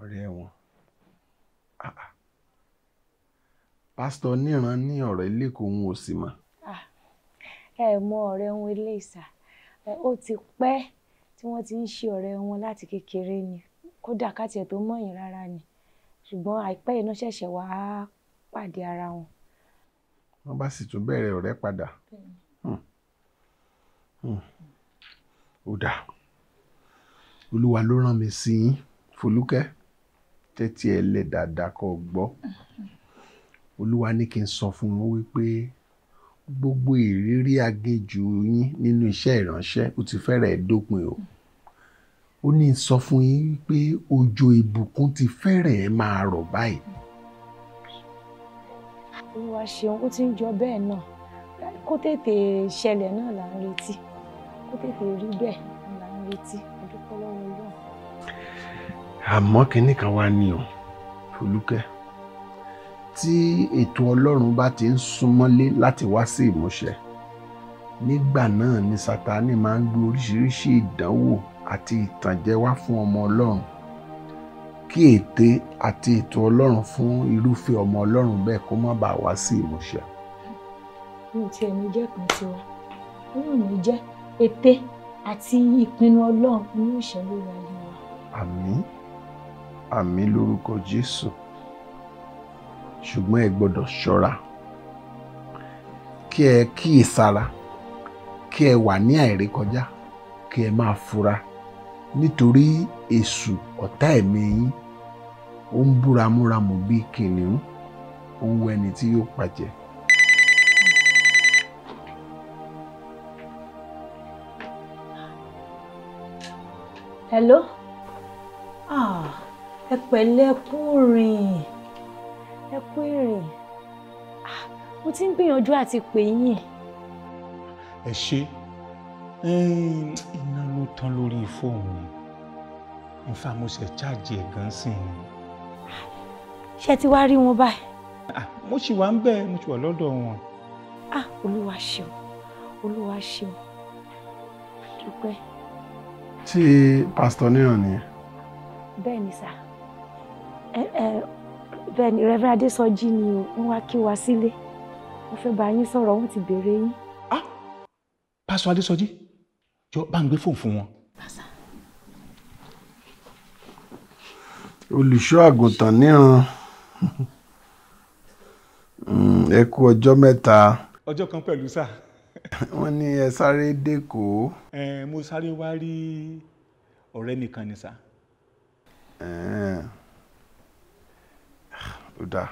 ọ̀rẹ́ wọn ah, ah. pásítọ̀ níran ní ọ̀rẹ́ lẹ́kọ̀ọ́ òun ò sì mọ̀ ẹ mọ ọ̀rẹ́ wọn Iléṣà ó ti pẹ́ tí wọ́n ti ń ṣe ọ̀rẹ́ wọn láti kékeré ni kódà káti ẹ̀ tó mọ̀yìn rárá ni ṣùgbọ́n àìpẹ́ iná ṣẹ̀ṣẹ̀ wàá pàdé ara wọn. wọ́n bá sì tún bẹ̀rẹ̀ ọ̀rẹ́ padà hmm. Hmm. ó dà olúwa ló rán mi sí yín Folúkẹ́ tẹ́tí ẹ lẹ́ dáadáa kó gbọ́ olúwa ní kí n sọ fún wọn wípé gbogbo ìrírí aginjù yín nínú iṣẹ́ ìránṣẹ́ ó ti fẹ́rẹ̀ẹ́ dópin o ó ní sọ fún yín pé òjò ìbùkún ti fẹ́rẹ̀ẹ́ máa rọ̀ báyìí. olúwa ṣeun ó ti ń jọ bẹ́ẹ̀ náà kó tètè ṣẹlẹ̀ náà là ń retí kó tètè rí bẹ́ẹ̀ là ń retí ọdún kọ́lọ́run lọ́wọ́. àmọ́ kinní kan wá ní o Folúkẹ́ tí ètò ọlọ́run bá ti ń súnmọ́lé láti wá sí ìmúṣẹ nígbà náà ni sátani máa ń gbé oríṣiríṣi ìdánwò àti ìtànjẹ wá fún ọmọ ọlọ́run kí ète àti ètò ọlọ́run fún irúfẹ́ ọmọ ọlọ́run bẹ́ẹ̀ kó má bàa wá sí ìmúṣẹ. mi ò tiẹ̀ ní jẹ́ kan tiwa mi ò ní jẹ́ ète àti ìpinnu ọlọ́run ní ìṣẹ́ lórí ayé wa. àmín àmín lórúkọ jésù ṣùgbọ́n ẹ gbọ́dọ̀ ṣọ́ra kí ẹ kíyèsára kí ẹ wà ní àìrékọjá kí ẹ máa fura nítorí èṣù ọ̀tá ẹ̀mí yín ó ń búramúramù bíi kìnìún ó ń wọ ẹni tí yóò pàjẹ́. hello ah ẹ pẹ̀lẹ́ kúrin ẹ kú ìrìn ah, mo ti ń gbìyànjú àti pè yín. ẹ ṣe iná ló tán lórí fóònù ni nfa mo ṣe ṣáàjì ẹ̀ gan sí ni. ṣé ti wá rí wọn báyìí. Ah, mo ṣì wà ń bẹ mo ṣì wà lọ́dọ̀ wọn. Ah, olúwa ṣeun olúwa ṣeun dúpẹ́. tí pásítọ̀ níran nìyẹn. bẹ́ẹ̀ ni sà bẹ́ẹ̀ ni Reverend Adésọjí ni wọ́n wá kí wa sílé wọ́n fẹ́ bá yín sọ̀rọ̀ wọ́n ti béèrè yín. ah pásọ Adésọjí jọ bá ń gbé fóònù fún wọn. olùṣọ́ àgùntàn níran hmm, ẹ kú ọjọ́ mẹ́ta. ọjọ́ kan pẹ̀lú sáà wọ́n ní ẹ sáré dẹ́kọ̀. ẹ mo sáré wá rí ọ̀rẹ́ nìkan ni sá ló dáa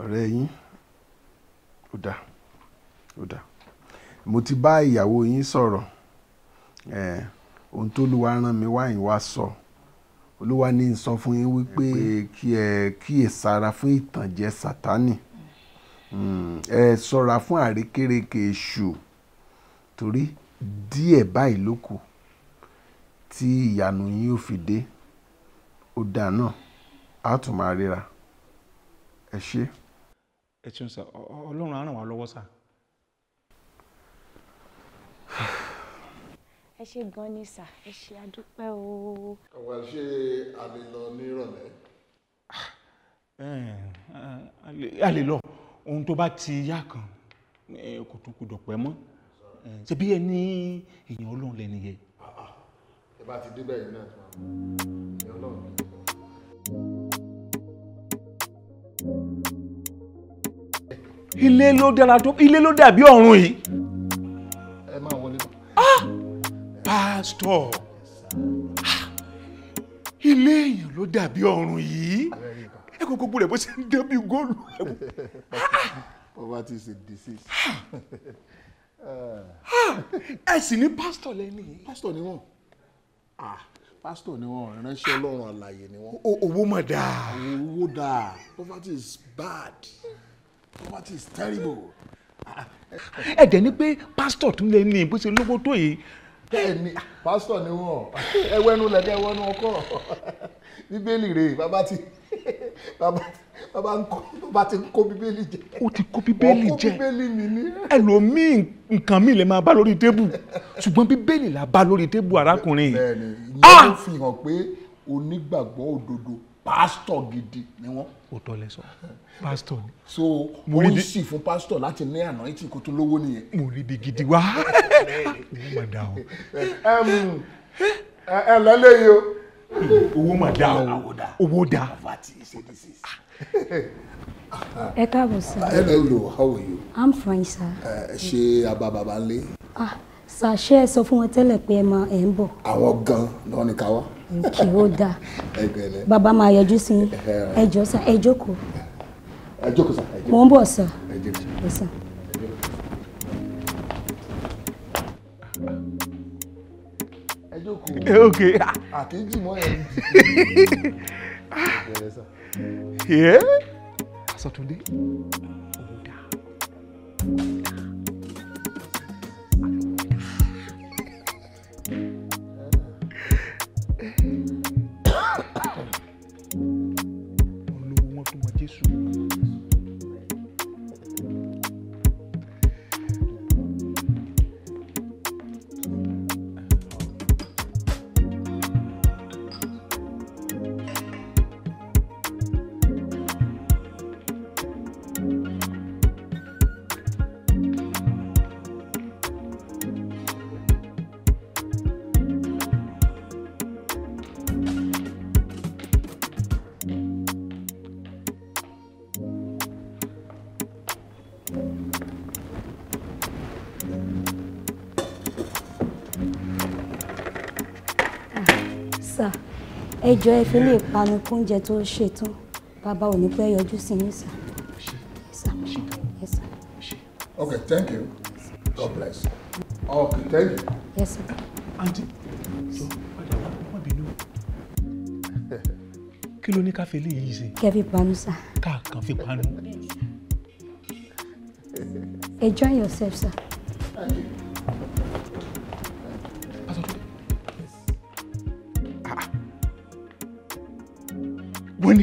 ọ̀rẹ́ yín ó dáa ó dáa mo ti bá ìyàwó yín sọ̀rọ̀ ohun tó lùwà rán mi wá yín wá sọ olúwa ní sọ fún yín wípé kí ẹ kíyè sára fún ìtànjẹ sátánì hmm. ẹ ṣọ́ra fún àrékérekè èṣù torí díẹ̀ báyìí ló kù tí ìyanu yín ó fi dé dáa náà á tún máa ríra ẹ ṣé. ẹ ṣeun sá ọlọ́run á ràn wá lọ́wọ́ sá. ẹ ṣé gan ni sá ẹ ṣé àdúpẹ́ o. àwa ṣe àlè lọ nírọ̀lẹ́. àlè lọ ohun tó bá ti yá kan kò tó kù dọ̀pẹ́ mọ́ ṣe bí ẹni èèyàn ọlọ́run lẹ́nu yẹn. Ah, ah. ẹ bá ti débẹ̀ yìí náà tí wọ́n á mú ẹ̀yìn ọlọ́run. ilé ló dára tó ilé ló dàbí ọ̀run yìí. ẹ máa wọlé bá. Ah! pásítọ̀ ah! ilé èèyàn ló dàbí ọ̀run yìí ẹ kò gbogbo rẹ̀ bó ṣe ń dẹ́bi góòlù. poverty is a disease. ẹ sì ní pásítọ̀ lẹ́nu yìí. pásítọ̀ ni wọ́n. Ah! pásítọ̀ ni wọ́n ìránṣẹ́ ọlọ́run àlàyé ni wọ́n. owó mọ̀ dáa. owó dáa poverty is bad poverty is terrible. ẹ dẹ̀ ni pé pásítọ̀ tún lè ní bó ṣe lówó tó yìí. bẹ́ẹ̀ni pásítọ̀ ni wọ́n ẹ wẹnu lẹdẹ wẹnu ọkọ bíbélì rèé bàbá ti bàbá ti bàbá bàbá ti kó bíbélì jẹ. ó ti kó bíbélì jẹ ó kó bíbélì mi ní. ẹlòmíì nǹkan mi lè máa bá lórí tébù ṣùgbọ́n bíbélì la bá lórí tébù arákùnrin yìí. bẹ́ẹ̀ni ìyẹn ah! ló fi hàn pé onígbàgbọ́ òdodo pásítọ̀ gidi ni wọ́n. ó tọ́ lẹ sọ pásítọ̀ ni. so mo ń sì fún pásítọ̀ láti ní anointing kó tó lówó nìyẹn. mo rí ibi gidi wá. owó mà dá o. ẹ ẹ lọ léyìí o. owó mà dá o owó dá ẹ káàbọ̀ sir. Ah, hello how are you. i'm fine sir. Eh, ṣé abá baba ń lé. ah sir ṣé ẹ sọ fún wọn tẹ́lẹ̀ pé ẹ máa ẹ̀ ń bọ̀. àwọn gan-an náà ni ká wá. kì ó dáa bàbá máa yọjú sí eh, eh. ẹ jọ sir ẹ jókòó. ẹ jókòó sir. mò ń bọ̀ sir. ẹ jókòó ẹ jókòó. ok. àkejì ah, mọ́ ẹ̀ ń jì. Yeah. Sátúndé, ó dáa. ẹ jọ ẹ fi lè panu fún oúnjẹ tó ṣetán bàbá ò ní pẹ́ yọjú sí yín sà. Okay, thank you. God bless. Okay, thank you. Yes, sir. Aunty, so, padà wá, wọ́n bínú. Kí ló ní ká fi eléyìí ṣe? Kẹ́ panu sà. Ká kàn fi panu. Enjoy yourself, sir. Thank you.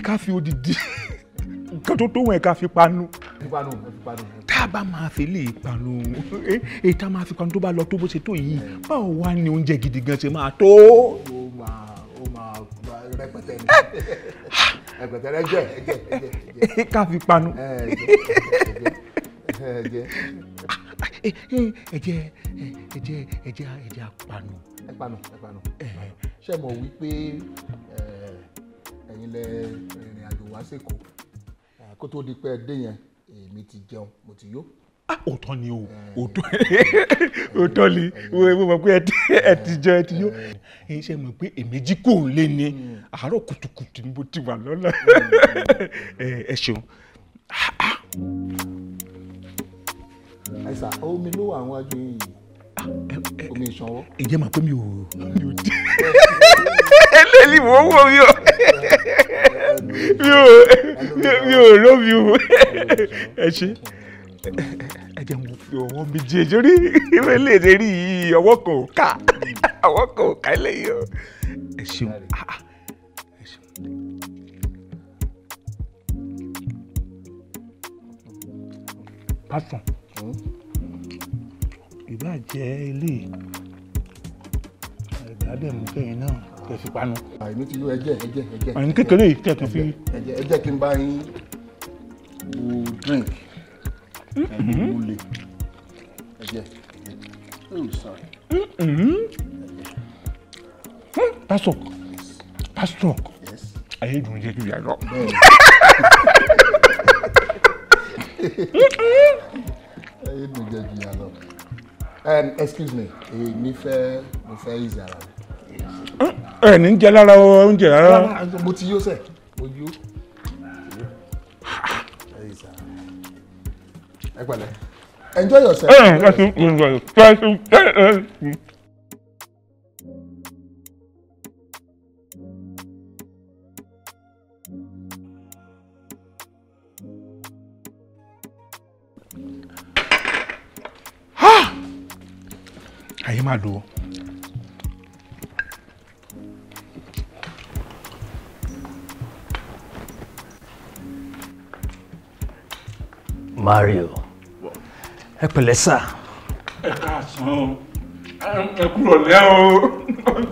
ká fi odidi nǹkan tó tó wọn ká fi panu tá a bá máa fi lè panu èyí tá a máa fi panu tó bá lọ tó bó ṣe tó yìí báwo wá ní oúnjẹ gidi gan ṣe máa tó. ó máa ó máa rẹpẹtẹ ní ah! rẹpẹtẹ rẹ jẹ jẹ ká fi panu. ẹjẹ ẹjẹ ẹjẹ ẹjẹ ah, apanu. ẹ panu ẹ panu eh. ṣé mo wí pé ẹ̀yin lẹ rìnrìn àjò wá sèkó kó tó di pé ẹ dé yẹn èmi ti jẹun mo ti yó. Ah, òótọ́ ni o òótọ́ ni mo mọ̀ pé ẹ ti jẹun ẹ ti yó ẹ ṣe mọ̀ pé èméjì kò lé ní mm. àárọ̀ kùtùkùtù ni mo ti wà lọ́nà mm, mm, ẹ ṣeun. àìsàn ah, ah. omi ló wà àwọn ajú yìí omi ìsanwó. ǹjẹ́ màá pé mi ò mi ò jẹ́ eléyìí mò ń o mi ò mi ò lóbi o ẹ ṣe ẹ jẹ́ mo fi ọwọ́ mi jí ejò rí ìwé lè dé rí yìí ọwọ́ kan ò ká ọwọ́ kan ò ká eléyìí o ẹ ṣeun pásán ìbá jẹ́ ilé ìgbádẹ́mú kẹ́yìn náà kẹ fi panu. àìní ah, ti yó ẹjẹ ẹjẹ ẹjẹ. àìní ah, kékeré yìí kẹ tún fi. ẹjẹ ẹjẹ kí n bá yín wo drink ẹni mhm. mo lè ẹjẹ oh, mm-hmm. pastor pastor ayé dùn jẹ kí n yà lọ. ayé dùn jẹ kí n yà lọ. Um, excuse me èmi fẹ́ mo fẹ́ ìzàrà mi ẹ ní jẹ lára oúnjẹ rárá. mo ti yó sẹ mo yó. ẹ pẹ̀lẹ́ enjoy yourself. ẹ ẹ ṣe enjoy yourself. ayé máa dùn ó. Mario ẹ pẹ̀lẹ́ sà. ẹ káàsán ẹ kúrò lẹ́ o.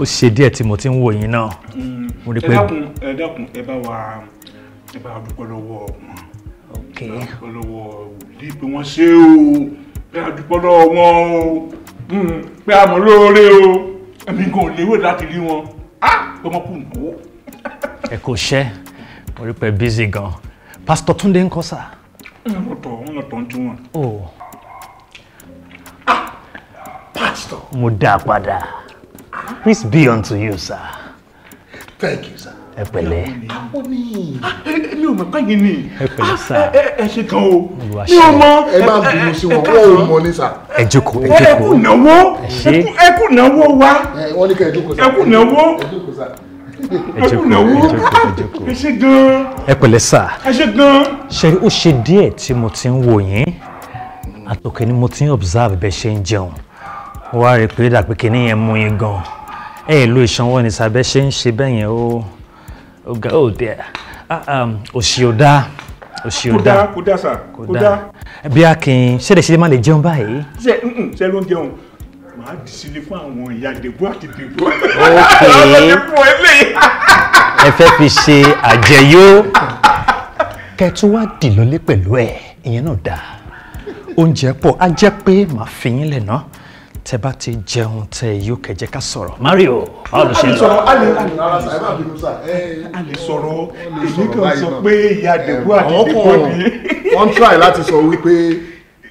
ó ṣe díẹ̀ tí mo ti ń wò yín náà. mo rí pé ẹ dákun ẹ dákun ẹ bá wa ẹ bá dúpẹ́ lọ́wọ́ wọn. ok ẹ bá dúpẹ́ lọ́wọ́ òbí pé wọ́n ṣe o pé a dúpẹ́ lọ́wọ́ wọn o hmm, pé a mọ̀ lóore o èmi kò léwé láti rí wọn ah, ọmọkùnrin kò. ẹ kò ṣẹ́ mo rí pé bísí gan-an pásítọ̀ Túndé ń kọ́ sáà. mo dá a peace be unto you sir. thank you sir. Epele. pẹ̀lẹ́. ó ní ah, mi ò mọ̀ pẹ́yìn ni ẹ pẹ̀lẹ́ e ẹ ṣe kan o mi ò mọ̀. ẹ bá bínú sí wọn wọn ò mọ̀ ní sá. ẹ jókòó ẹ jókòó ẹ kú náwó ẹ kú náwó wa wọn ní ká ẹ jókòó sá ẹ kú náwó ẹ jókòó ẹ jókòó ẹ ṣe gan. ẹ pẹ̀lẹ́ sá ẹ ṣe gan. ṣe ó ṣe díẹ̀ tí mo ti ń wò yín ni mo ti observe bẹ́ẹ̀ ṣe ń wá rí i pé dàpé kìíní yẹn mú yín gan ẹ ẹ lo ìṣanwó ni sàbẹ ṣe ń ṣe bẹ́ẹ̀ yẹn ó ó ga ó dẹ um, òṣì ò dáa òṣì ò dáa kò dáa sà kò dáa bí a kì í ṣẹlẹ̀ ṣẹlẹ̀ má lè jẹun báyìí. ṣe ṣe ló ń jẹun màá dì sílé fún àwọn ìyá dèbò àti dèbò. ok ẹ fẹ́ fi ṣe àjẹyó kẹtù wá dì lọlé pẹ̀lú ẹ̀ ìyẹn náà dáa oúnjẹ pọ̀ á jẹ́ pé màá fi yín lẹ̀ náà tẹ bá ti jẹun tẹ yóò kẹjẹ ká sọ̀rọ̀. mario báwo ló ṣe ń lọ. a lè sọ̀rọ̀ a lè sọ̀rọ̀ èmi kan sọ pé ìyá àdẹ̀kú àdìdìbò ni. wọ́n try láti sọ wípé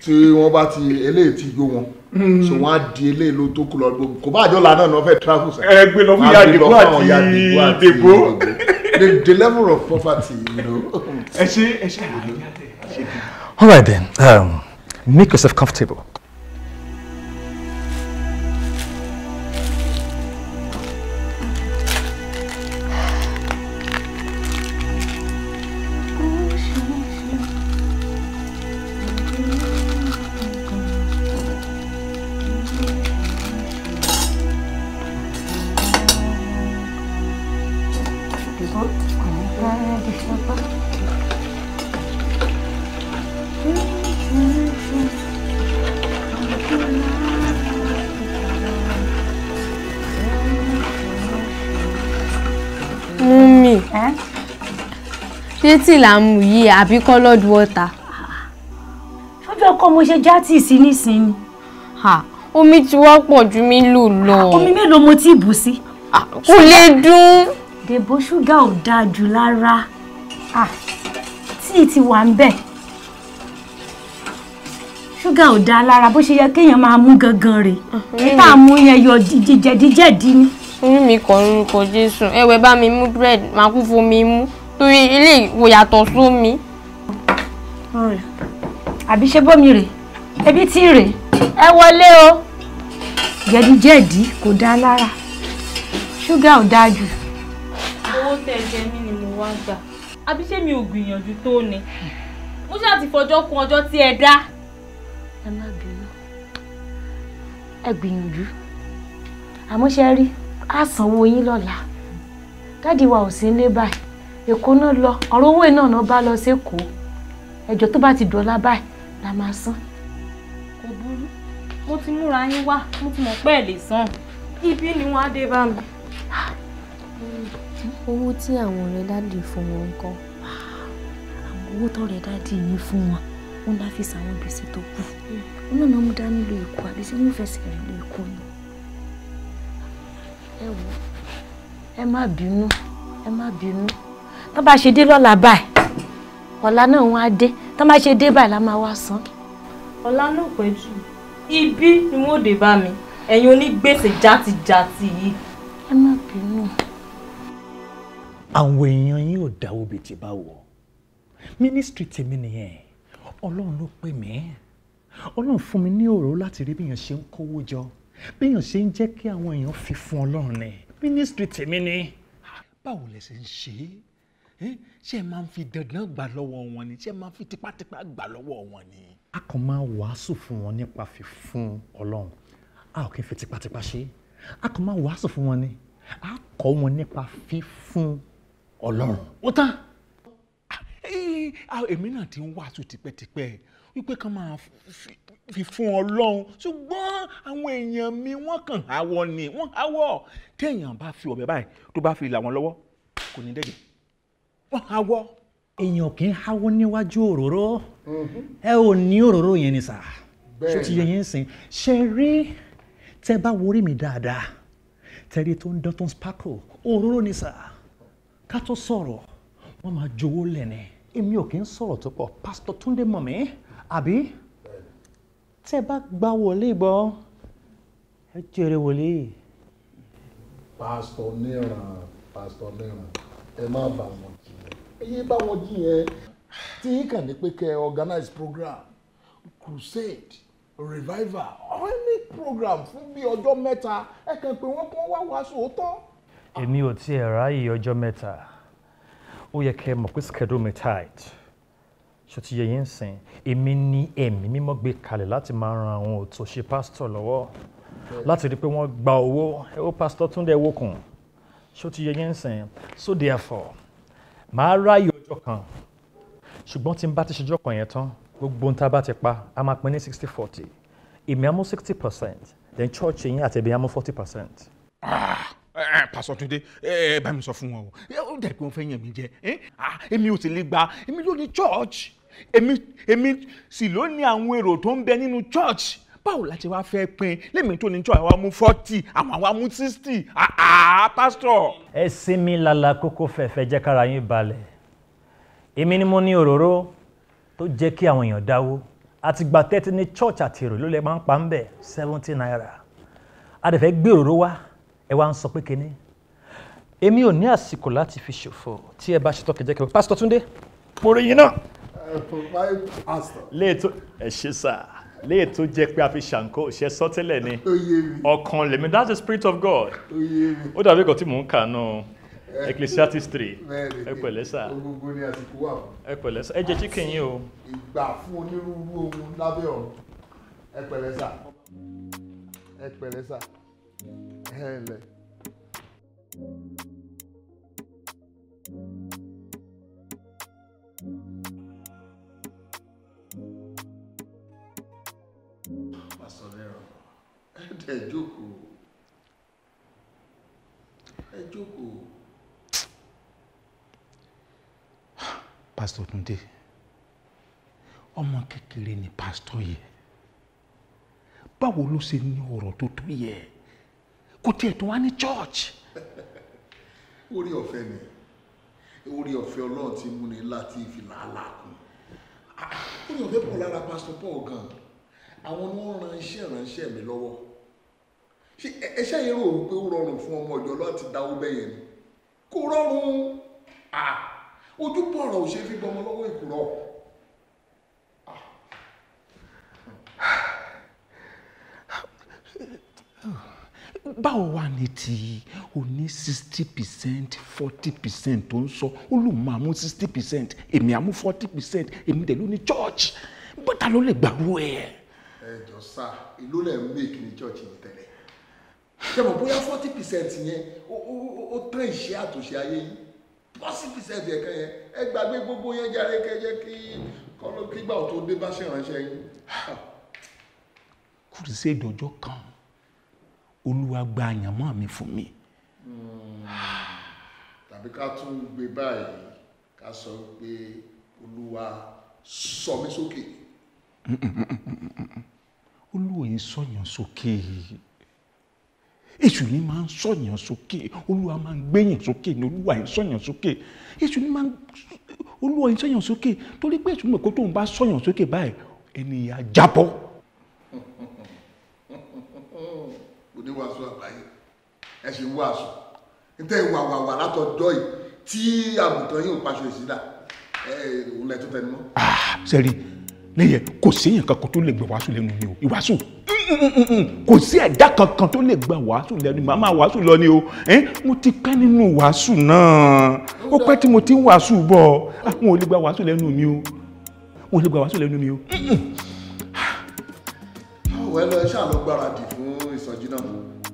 tí wọ́n bá ti eléyìí ti yó wọn hmm. so wọ́n á di eléyìí ló tó kú lọ gbogbo kò bá àjọ làánà náà fẹ́ travel sẹ́. ẹ gbé lọ fún ìyá àdìdìbò àti ìdìbò. the the level of poverty you know. ẹ ṣe ẹ ṣe àyà dẹ. all right then um, make yourself comfortable. játì là ń mu yìí àbí colored water. ṣojú ọkọ mo ṣe játì sí nísìnyí. omi ti wá pọ̀ ju mi lò lọ. omi mélòó mo ti bù sí. kò lè dùn. dèbò ṣúgà ò dáa jù lára tíì ti wà ń bẹ̀ ṣúgà ò dáa lára bó ṣe yẹ kéèyàn máa mú gangan rè nípa mú yẹn yọ jẹjẹdíjẹdí ni. orí mi kọ̀ orúkọ jésù ẹ̀wẹ̀ bá mi mú búrẹ́dì máa kú fomi mú torí ilé ìwò yàtọ̀ sómi. àbí ṣe bómi rè ẹbí tí rè ẹ wọlé o jẹ̀díjẹ̀dí kò dáa lára ṣúgà ò dáa jù. owó tẹ ẹ jẹ mí ni mo wá gbà àbí ṣé mi ò gbìyànjú tó ni mo ṣáà ti fọjọ́ kún ọjọ́ tí ẹ dá. ẹ má bínú ẹ gbìyànjú àmọ́ ṣe rí àsanwó yín lọ́la dádì wa ò sí ní báyìí èkó náà lọ ọ̀rọ̀ owó náà náà bá lọ sékòó ẹjọ́ tó bá ti dọ̀la báyìí la máa san. kò burú mo ti múra yín wá mo ti mọ̀ pé ẹ̀ lè san ibi ni wọ́n á dé bá mi. owó tí àwọn ọ̀rẹ́ dáàdì fún wọn ń kọ́ àwọn owó tọ̀rẹ́ dáàdì yìí fún wọn wọn náà fi sàwọn gbèsè tó kù wọn náà náà mú dání lọ èkó àbí sí wọn fẹsẹ̀ rìn lọ èkó ni. ẹ wo ẹ má bínú ẹ má bínú tó bá ṣe dé lọ́la báyìí ọ̀la náà wọ́n á dé tó bá ṣe dé báyìí la máa wá san. ọ̀la náà pẹ́ jù ibi ni wọ́n dé bá mi ẹ̀yin onígbèsè játijàti yìí. ẹ má bínú. àwọn èèyàn yín ò dáwọ́ bíi ti báwo mínísítírì tèmi nìyẹn ọlọ́run ló pè mí ọlọ́run fún mi ní ọ̀rọ̀ láti rí bíyàn ṣe ń kówó jọ bíyàn ṣe ń jẹ́ kí àwọn èèyàn fi fún ọlọ́run ni mínísítírì tèmi ni báwo lẹ ṣe ń ṣe é ṣé ẹ máa ń fi dandan gbà lọ́wọ́ wọn ni ṣé ẹ máa ń fi tipátipá gbà lọ́wọ́ wọn ni. a kàn máa wàásù fún wọn nípa fífún ọlọ́run a ò kí n fi tipátipá ṣe a kàn máa wàásù fún wọn ni a kọ́ wọn nípa fífún ọlọ́run. ó tán ah, eh, èmi náà ti ń wàásù tipẹ́tipẹ́ wípé kàn máa fi fún ọlọ́run ṣùgbọ́n àwọn èèyàn mi wọ́n kàn áwọ̀ ni wọ́n áwọ̀ téèyàn bá fi ọ̀bẹ báyìí tó bá fi là wọ́n lọ́wọ́ kò ní dẹ́gbẹ̀ẹ́ wọ́n hawọ́ èèyàn kì í hawọ́ níwájú òróró mm-hmm. ẹ ò ní òróró yẹn ni sà ṣó ti yẹ yẹn sìn ṣe rí tẹ bá worí mi dáadáa tẹ̀lé tó ń dán tó ń sparkle òróró ni sà ká tó sọ̀rọ̀ wọ́n máa jowó lẹ́nẹ̀ èmi ò kì í sọ̀rọ̀ tó pọ̀ pásítọ̀ Túndé mọ̀ mí àbí tẹ bá gba wọlé bọ́ ẹ jèrè wọlé. pásítọ̀ níran pásítọ̀ níran ẹ má bà wọ́n ẹyẹ bá wọn jiyàn tí yín kàn ní pé kẹ́ organize program crusade revival any program fún bí ọjọ́ mẹ́ta ẹ kàn pé wọ́n kàn wá wàásù òótọ́. èmi ò tiẹ̀ ráàyè ọjọ́ mẹ́ta ó yẹ kẹ́ ẹ mọ̀ pé schedule mi tight ṣòtí yẹ yín sìn èmi ní ẹ̀mí mímọ́ gbé kalẹ̀ láti máa ran àwọn òtòṣe pásítọ̀ lọ́wọ́ láti rí i pé wọ́n gba owó ẹ wo pásítọ̀ Túndé Wókun ṣòtí yẹ yín sìn so therefore màá ráyè ọjọ́ kan ṣùgbọ́n tí n bá ti ṣe ọjọ́ kan yẹn tán gbogbo n ta bá ti pa a máa pín ní sixty forty èmi á mú sixty percent then church yín àti ẹbí á mú forty percent. Ah, eh, eh, pásọ Túndé ẹ eh, ẹ bá mi sọ fún wọn o ó dẹ̀ pé wọ́n fẹ́ yàn mí jẹ ah, èmi ò sì lè gba èmi ló ní church èmi èmi sì ló ní àwọn èrò tó ń bẹ nínú church báwo la ṣe wá fẹ́ pín lèmi tó ní jọ àwa mú forty àwọn àwa mú sixty àá pásítọ̀. ẹ sinmi lala kókó fẹ̀fẹ̀ jẹ́ kára yín balẹ̀ èmi ni mo ní òróró tó jẹ́ kí àwọn èèyàn dáwó àti gba tẹ́tí ní church àti èrò ló lè máa ń pa ń bẹ̀ seventy naira a dẹ̀ fẹ́ gbé òróró wá ẹ wá ń sọ pé kinní èmi ò ní àsìkò láti fi ṣòfò tí ẹ bá ṣetán kẹjẹkẹ pásítọ̀ Túndé mo rí yín náà. ẹ pọ̀ báyìí pásítọ̀. lẹ́ẹ̀tọ́ ẹ ṣe sáà léè tó jẹ́ pé a fi ṣàǹkó ṣe sọ́tẹ́lẹ̀ ni ọkàn lèmi that's the spirit of God ó dàbí ìkọ̀ tí mò ń kà náà Ecclesiastes three ẹ pẹ̀lẹ́ sà ẹ pẹ̀lẹ́ sà ẹ jẹ́ chicken yín o. ìgbà fún onírúurú ohun lábẹ́ ọ̀run ẹ pẹ̀lẹ́ sà ẹ pẹ̀lẹ́ sà ẹ ǹlẹ́. ẹ jókòó ẹ jókòó. pásítọ̀ Túndé ọmọ kékeré ni pásítọ̀ yẹ báwo ló ṣe ní ọ̀rọ̀ tó tó yẹ kò tiẹ̀ tó wá ní church. orí ọ̀fẹ́ ni orí ọ̀fẹ́ ọlọ́run ti mú ni láti fi làálàá kún ah, orí ọ̀fẹ́ pọ̀ lára pásítọ̀ Paul gan àwọn ni wọ́n ran iṣẹ́ ìránṣẹ́ mi lọ́wọ́ ṣé ẹ ṣe èrò rò pé ó rọrùn fún ọmọ ìjọ láti dáwó bẹ́yẹn ni kò rọrùn à ojúbọ̀ ọ̀rọ̀ ò ṣe fi gbọmọ lọ́wọ́ ìkùrọ̀ báwo wà ní ti o ní sixty percent forty percent tó ń sọ ó lù máa mú sixty percent èmi àmú forty percent èmi dẹ̀ ló ní church bọ́tà ló lè gbàgbó ẹ̀. ẹ jọ sá ìlú lẹ ń mèkì ní church yìí tẹ́lẹ̀ ṣe mọ̀ bóyá forty percent yẹn ó tán ìṣẹ́ àtúnṣe ayé yìí forty percent yẹn kan yẹn ẹ gbàgbé gbogbo yẹn jáde kẹjẹ kí kọ́lọ́ kígbà tó dé bá ṣèrànṣẹ́ yín. kùrìsì ìdọ́jọ́ kan olúwa gba àyànmọ́ mi fún mi. Hmm. tàbí ká tún gbé báyìí ká sọ pé olúwa sọ mí sókè. olúwa yìí sọyàn sókè. So èṣù ni máa ń sọ̀yàn sókè olúwa máa ń gbéyàn sókè ni olúwa ń sọ̀yàn sókè èṣù ni máa ń olúwa ń sọ̀yàn sókè torí pé èṣù mọ̀ kó tóun bá sọ̀yàn sókè báyìí ẹni ìyá jábọ́. oníwàásù àgbáyé ẹ ṣe ń wàásù níta ìwà wàwà látọjọ́ yìí tí àgùntàn yìí ò paṣọ ìsílà ẹ ẹ òun lẹ tó tẹnu mọ́. sẹ́rí ah, lẹ́yìn kò séèyàn kankan tó lè gbà wàásù lẹ́nu mi o ìwàásù kò sí ẹ̀dá kankan tó lè gbà wàásù lẹ́nu màmá wàásù lọ ni o mo ti pẹ́ nínú wàásù náà ó pẹ́ tí mo ti ń wàásù bọ̀ wọn ah, ò lè gbà wàásù lẹ́nu mi o wọn ò lè gbà wàásù lẹ́nu mi o. ọ̀wẹ́ lọ ṣáà lọ gbáradì fún ìsọjí náà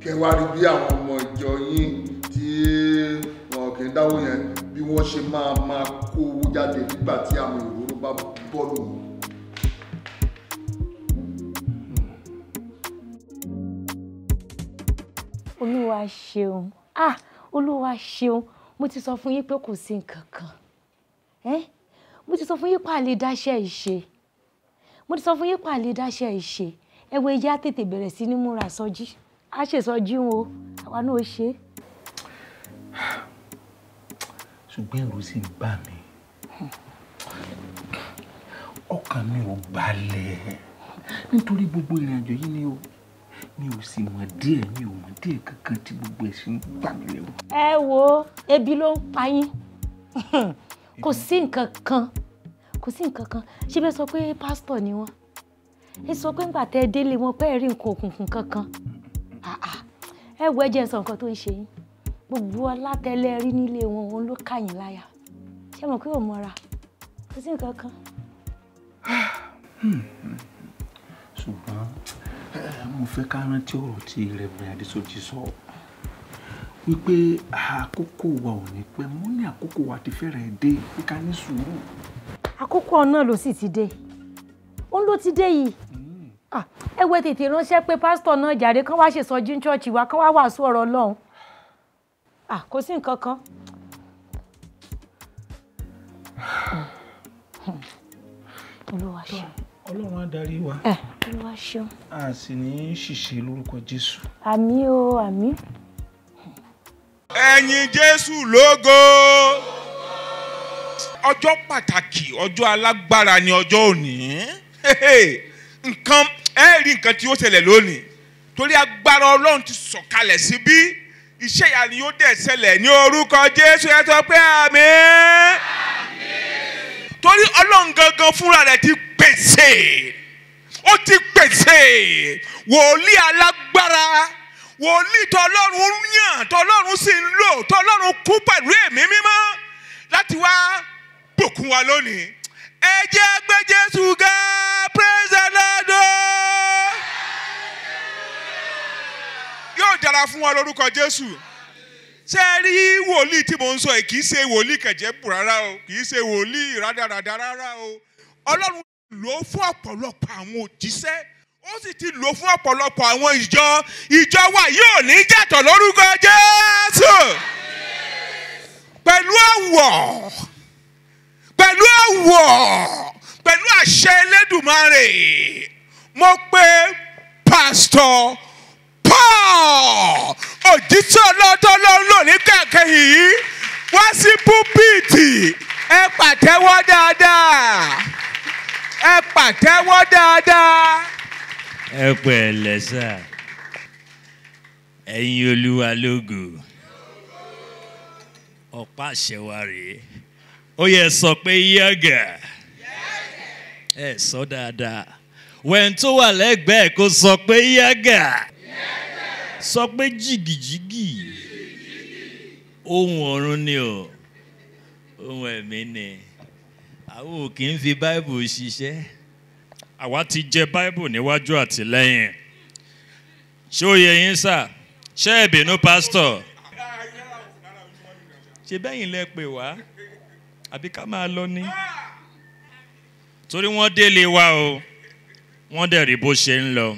kẹ wá rí bí àwọn ọmọ ìjọ yín tí wọn kì í dáwó yẹn bí wọ́n ṣe máa máa kó owó olúwa ṣeun ah olúwa ṣeun mo ti sọ fún yín pé kò sí nǹkan kan mo ti sọ fún yín pé àlè dáṣẹ́ ìṣe mo ti sọ fún yín pé àlè dáṣẹ́ ìṣe ẹ wo ìyá tètè bẹ̀rẹ̀ sí ní múra sọjí a ṣe sọjí o àwa náà ṣe. ṣùgbọ́n ẹ̀rù sì ń bà mí ọkàn mi ò balẹ̀ nítorí gbogbo ìrìn yìí ni o mi ò sì mọ̀ díẹ̀ mi ò mọ̀ díẹ̀ kankan tí gbogbo ẹ̀ sì ń gbà mí lẹ́wọ̀. ẹ wo ebi ló ń pa yín kò sí nǹkan kan kò sí nǹkan kan ṣé bẹ́ẹ̀ sọ pé pásítọ̀ ni wọ́n ẹ sọ pé ńgbà tẹ́ ẹ délé wọn pé ẹ rí nǹkan òkùnkùn kankan ẹ wo ẹ jẹ́ sọ nǹkan tó ń ṣe yín gbogbo alátẹ̀lẹ́ rí nílé wọn òun ló kà yín láyà ṣé mọ̀ pé ò mọ́ra kò sí nǹkan kan. Hmm, hmm, hmm. ṣùgbọ́n mo fẹ́ ká rántí ọ̀rọ̀ tí Reverend Adésọjí sọ wípé àkókò wa ò ní pẹ́ mo ní àkókò wa ti fẹ́rẹ̀ dé pé ká ní sùúrù. àkókò náà ló sì ti dé òun ló ti dé yìí hmm. ah, ẹ wẹ tètè ránṣẹ́ pé pásítọ̀ náà jàre kán wá ṣèsọjí ní ṣọ́ọ̀ṣì wa kán wá wàásù ọ̀rọ̀ Ọlọ́run ah, kò sí nǹkan kan. Hmm. olúwa ṣeun ọlọ́run á darí wa. ẹ olúwa ṣeun. a sì ní ṣìṣe lórúkọ jésù. àmín o àmín. ẹ̀yin jésù lógo ọjọ́ pàtàkì ọjọ́ alágbára ni ọjọ́ òní nǹkan ẹ rí nǹkan tí ó ṣẹlẹ̀ lónìí torí agbára ọlọ́run ti sọ̀kalẹ̀ síbí iṣẹ́ ìyanu yóò dẹ̀ ṣẹlẹ̀ ní orúkọ jésù ẹ sọ pé àmín torí ọlọ́run gangan fúnra rẹ̀ ti pèsè ó ti pèsè wòlíì alágbára wòlíì tọlọ́run yàn tọlọ́run sì ń lò tọlọ́run kú pẹ̀lú ẹ̀mí mímọ́ láti wá bùkún wa lónìí ẹ jẹ́ gbé Jésù ga praise the Lord yóò dára fún wa lórúkọ Jésù ṣé ẹ rí wòlíì tí mo ń sọ yìí kì í ṣe wòlíì kẹ̀jẹ̀bù rárá o kì í ṣe wòlíì rádaràdà rárá o ọlọ́run lò ó fún ọ̀pọ̀lọpọ̀ àwọn òjíṣẹ́ ó sì ti lò ó fún ọ̀pọ̀lọpọ̀ àwọn ìjọ ìjọ wa yóò ní jàtọ̀ lórúkọ Jésù pẹ̀lú àwọ̀ pẹ̀lú àwọ̀ pẹ̀lú àṣẹ Elédùmarè mo pè pásítọ̀ Paul òjíṣẹ́ ọlọ́dọ́ ló ń lò ní kẹ̀kẹ́ yìí wá sí púpìtì ẹ pàtẹ́wọ́ dáadáa ẹ pàtẹ́wọ́ dáadáa. ẹ pẹ̀lẹ́ sà ẹ̀yin olúwa lógo ọ̀pá àṣẹ ó yẹ sọ pé yẹ́gà ẹ sọ dáadáa wẹ̀ǹtó wà lẹ́gbẹ̀ẹ́ kó sọ pé yẹ́gà. Yeah sọ pé jìgìjìgì ohun ọ̀run ni o ohun ẹ̀mí ni àwọn ò kì í fi báìbù ṣiṣẹ́. àwa ti jẹ báìbù níwájú àti lẹ́yìn ṣé ó yẹ yín sà ṣé ẹ̀bìnú pásítọ̀ ṣe bẹ́yìn lẹ pè wá àbí ká máa lọ ní. torí wọ́n délé wa o wọ́n dẹ̀ rí bó ṣe ń lọ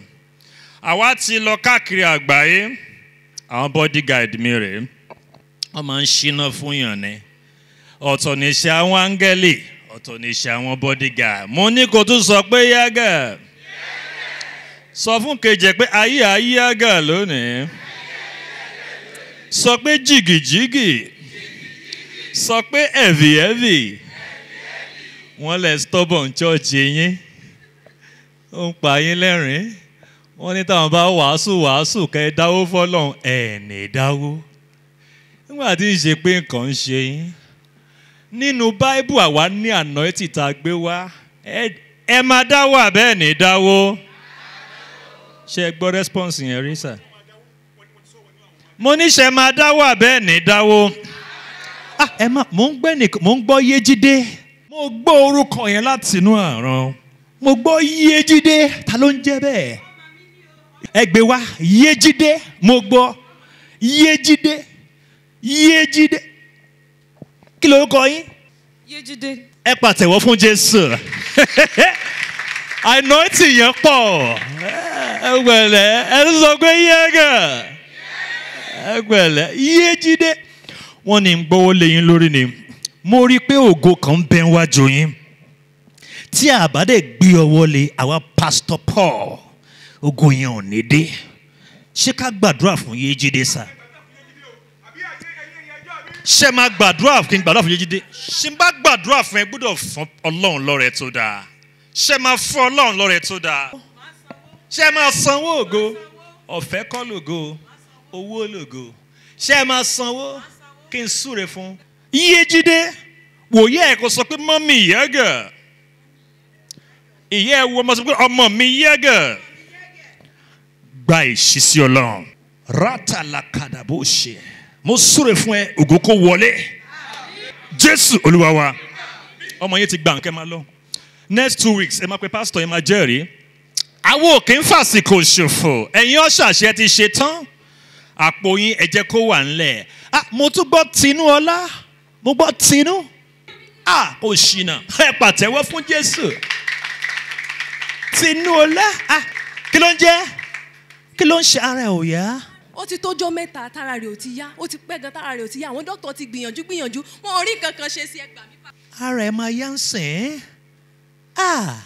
àwa ti lọ káàkiri àgbáyé àwọn bodyguard mi rèé wọ́n máa ń ṣínà fún yàn ni ọ̀tọ̀ ní ṣe àwọn áńgẹ́lì ọ̀tọ̀ ní ṣe àwọn bodyguard mo ní kó tún sọ pé yágà sọ fún kejì pé ayé ayé yágà lónìí sọ pé jìgìjìgì sọ pé ẹ̀vì ẹ̀vì wọ́n lẹ̀ stubborn church yín ó ń pa yín lẹ́rìn-ín wọ́n ní táwọn bá wàásù wàásù kẹ́ ẹ dáwó fọ́lọ́hún ẹ̀ ní dáwó nígbà tí ń ṣe pé nǹkan ń ṣe yín nínú báíbù àwa ní ànáìtì tá a gbé wá ẹ máa dáwó àbẹ́ẹ̀ ní dáwó ṣe ẹ gbọ́ rẹ́spọ́nsì yẹn rí sà mo ní ṣe máa dáwó àbẹ́ẹ̀ ní dáwó ah, ẹ má mò ń gbẹ́ nìkan mò ń gbọ́ yéjídé mo gbọ́ orúkọ yẹn látinú àrùn mo gbọ́ yéjídé ta ló ń jẹ́ bẹ́ẹ̀ ẹgbẹ́ wa Yéjídé mo gbọ́ Yéjídé Yéjídé kí lorúkọ yín. Yéjídé. ẹ pàtẹ́wọ́ fún Jésù àìnáìtì yẹn pọ̀ ẹ gbẹ̀lẹ́ ẹ sọ pé yẹ́gà ẹ gbẹ̀lẹ́ Yéjídé wọ́n ní gbọ́wọ́ lẹ́yìn lórí ni mo rí i pé ògo kan ń bẹ wájú yín tí àbádẹ́ gbé ọwọ́ lé àwa Pastor Paul ogun yẹn ò ní dé ṣé ká gbàdúrà fún Yéjídé sá ṣé máa gbàdúrà kí n gbàdúrà fún Yéjídé ṣé máa gbàdúrà fún ẹ gbọ́dọ̀ fún Ọlọ́run lọ́rẹ tó dáa ṣé máa fún Ọlọ́run lọ́rẹ tó dáa ṣé máa sanwó ògo ọ̀fẹ́ kọ́ lògo owó lògo ṣé máa sanwó kí n súre fún Yéjídé wòye ẹ̀ kò sọ pé mọ́mí yẹ́gà ìyá ẹ̀ wo ọmọ sọ pé ọmọ mi yẹ́gà gba ìṣísí ọlọ́run rátàlà kàdàbò ṣe mo súre fún ẹ ògo kó wọlé jésù olúwa wa ọmọ yẹn ti gba nǹkan máa lọ next two weeks ẹ máa pe pastor ẹ máa jẹ́rìí àwọn òkè ń fàsìkò ṣòfò ẹ̀yin ọ̀ṣàṣẹ ti ṣe tán àpò yín ẹ kó wà ńlẹ̀ ah, mo tún gbọ́ tinú ọlá mo gbọ́ tinú ah, kò ṣìnà ẹ pàtẹ́wọ́ fún jésù tinú ọlá ah, kí ló ń jẹ́ kí ló ń ṣe ara ẹ̀ ò yá. ó ti tójọ́ mẹ́ta tára rẹ̀ ò ti yá ó ti pẹ́ gan tára rẹ̀ ò ti yá àwọn dókítà ti gbìyànjú gbìyànjú wọn ò rí kankan ṣe sí ẹgbàá mi. ara ẹ̀ máa yá ń sìn ín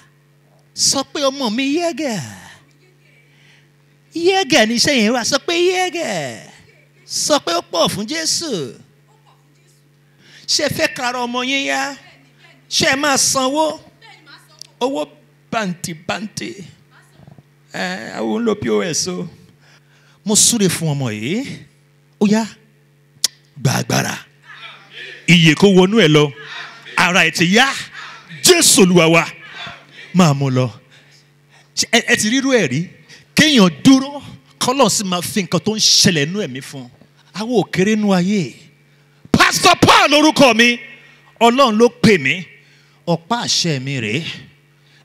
sọ pé ọmọ mi yẹ́gẹ̀ yẹ́gẹ̀ ni iṣẹ́ yẹn wà sọ pé yẹ́gẹ̀ sọ pé ó pọ̀ fún Jésù ṣe fẹ́ kára ọmọ yín yá ṣe máa sanwó owó bàǹtìbàǹtì àwọn eh, ń lo pos o mo súre fún ọmọ yìí ó yá gba iye kó wọnú ẹ lọ ara ẹ ti yá jésù olúwa wa máa mú lọ ẹ ti rírú ẹ rí kéèyàn dúró kọ́lọ̀ sì máa fi nǹkan tó ń ṣẹlẹ̀ nú ẹ̀mí fún àwọn òkèrè nú ayé pásítọ̀ paul lórúkọ mi ọlọ́run ló pè mí ọ̀pá àṣẹ mi rèé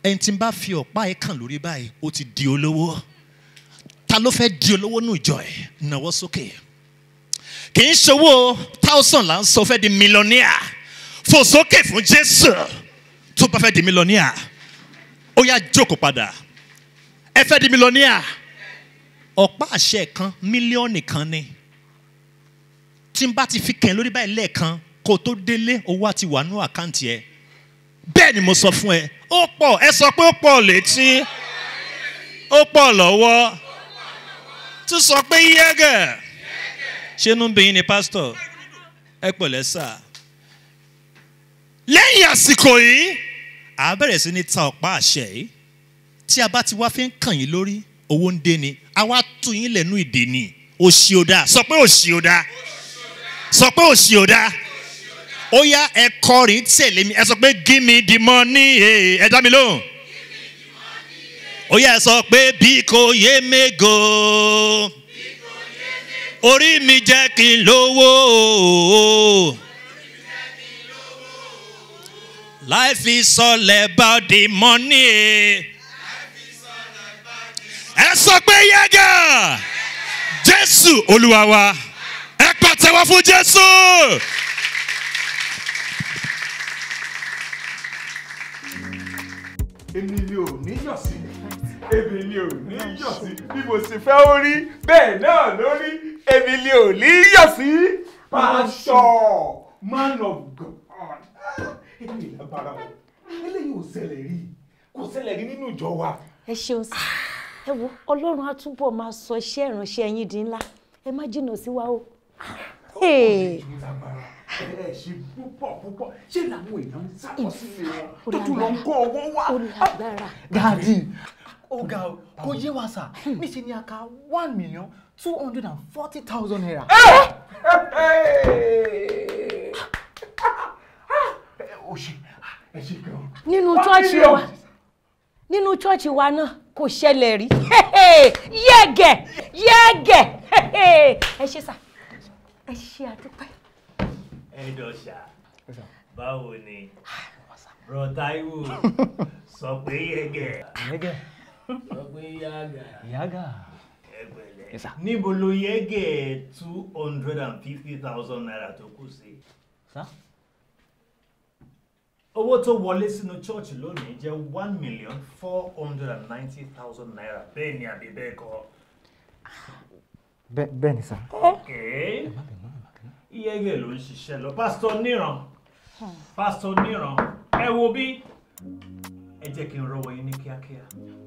ẹni tí n bá fi ọ̀pá ẹ̀ kàn lórí báyìí ó ti di olówó ta ló fẹ́ di olówó nù ìjọ ẹ̀ nàwọ́ sókè kì í ṣòwò thousand là ń sọ fẹ́ di millionaire fò sókè fún Jésù tó bá fẹ́ di millionaire ó yá jókòó padà ẹ fẹ́ di millionaire ọ̀pá àṣẹ kan mílíọ̀nù kan ni tí n bá ti fi kàn lórí báyìí lẹ́ẹ̀kan kó tó délé owó àti wà àkáǹtì ẹ̀ bẹ́ẹ̀ ni mo sọ fún ẹ ó pọ̀ ẹ sọ pé ó pọ̀ létí ó pọ̀ lọ́wọ́ tún sọ pé yẹ́gẹ̀ ṣé inú bí ni pásítọ̀ ẹ pọ̀ lẹ́sà lẹ́yìn àsìkò yìí a bẹ̀rẹ̀ sí ní ta ọ̀pá àṣẹ yìí tí a bá ti wá fi ń kàn yín lórí owó ń dé ni a wá tú yín lẹ́nu ìdè ni òṣì ò dáa sọ pé òṣì ò dáa sọ pé òṣì ò dáa ó yá ẹ kọrin tẹ̀lé mi ẹ sọ pé give me the money ẹ dá mi lóhùn ó yá ẹ sọ pé bí kò yé mego orí mi jẹ́ kí n lówó. Life is all about the money. Ẹ sọ pé yẹ́gà Jésù Olúwa wa ẹ pàtẹ́wọ́ fún Jésù. èmi ni ò ní yọ̀ bí mo sì fẹ́ ó rí bẹ́ẹ̀ náà ló rí èmi ni ò ní yọ̀ sí. man of God èmi lágbára o eléyìí ò ṣẹlẹ̀ rí kò ṣẹlẹ̀ rí nínú ìjọ wa. ẹ ṣeun sí ẹ wo ọlọ́run á túbọ̀ máa sọ iṣẹ́ ìránṣẹ́ yín di ńlá ẹ má jìnnà sí wa o. ó ẹ ṣe púpọ̀ púpọ̀ ṣé làwọn èèyàn ń sábọ̀ sílé wọn tó tún lọ ń kó owó wá. ó Oga, o kò yé wa sà hmm. níṣẹ́ ni a one million two hundred and forty thousand naira. Eh! nínú chọ́ọ̀chì wa nínú chọ́ọ̀chì wa náà kò ṣẹlẹ̀ rí yẹ́gẹ̀ yẹ́gẹ̀ ẹ ṣe sà ẹ ṣe àdúpẹ́. ẹ dọ̀ṣà báwo ni ah, bro Taiwo, sọ pé yẹ́gẹ̀. yaga níbo ló nibolo yege 250,000 and fifty naira tó kù sí. owó tó church lónìí jẹ́ naira bẹ́ẹ̀ ni àbí bẹ́ẹ̀ kọ́. bẹ́ẹ̀ ni sá. ok yẹgẹ lo pastor niran hmm. pastor niran ewo bi? ejekin rowo wo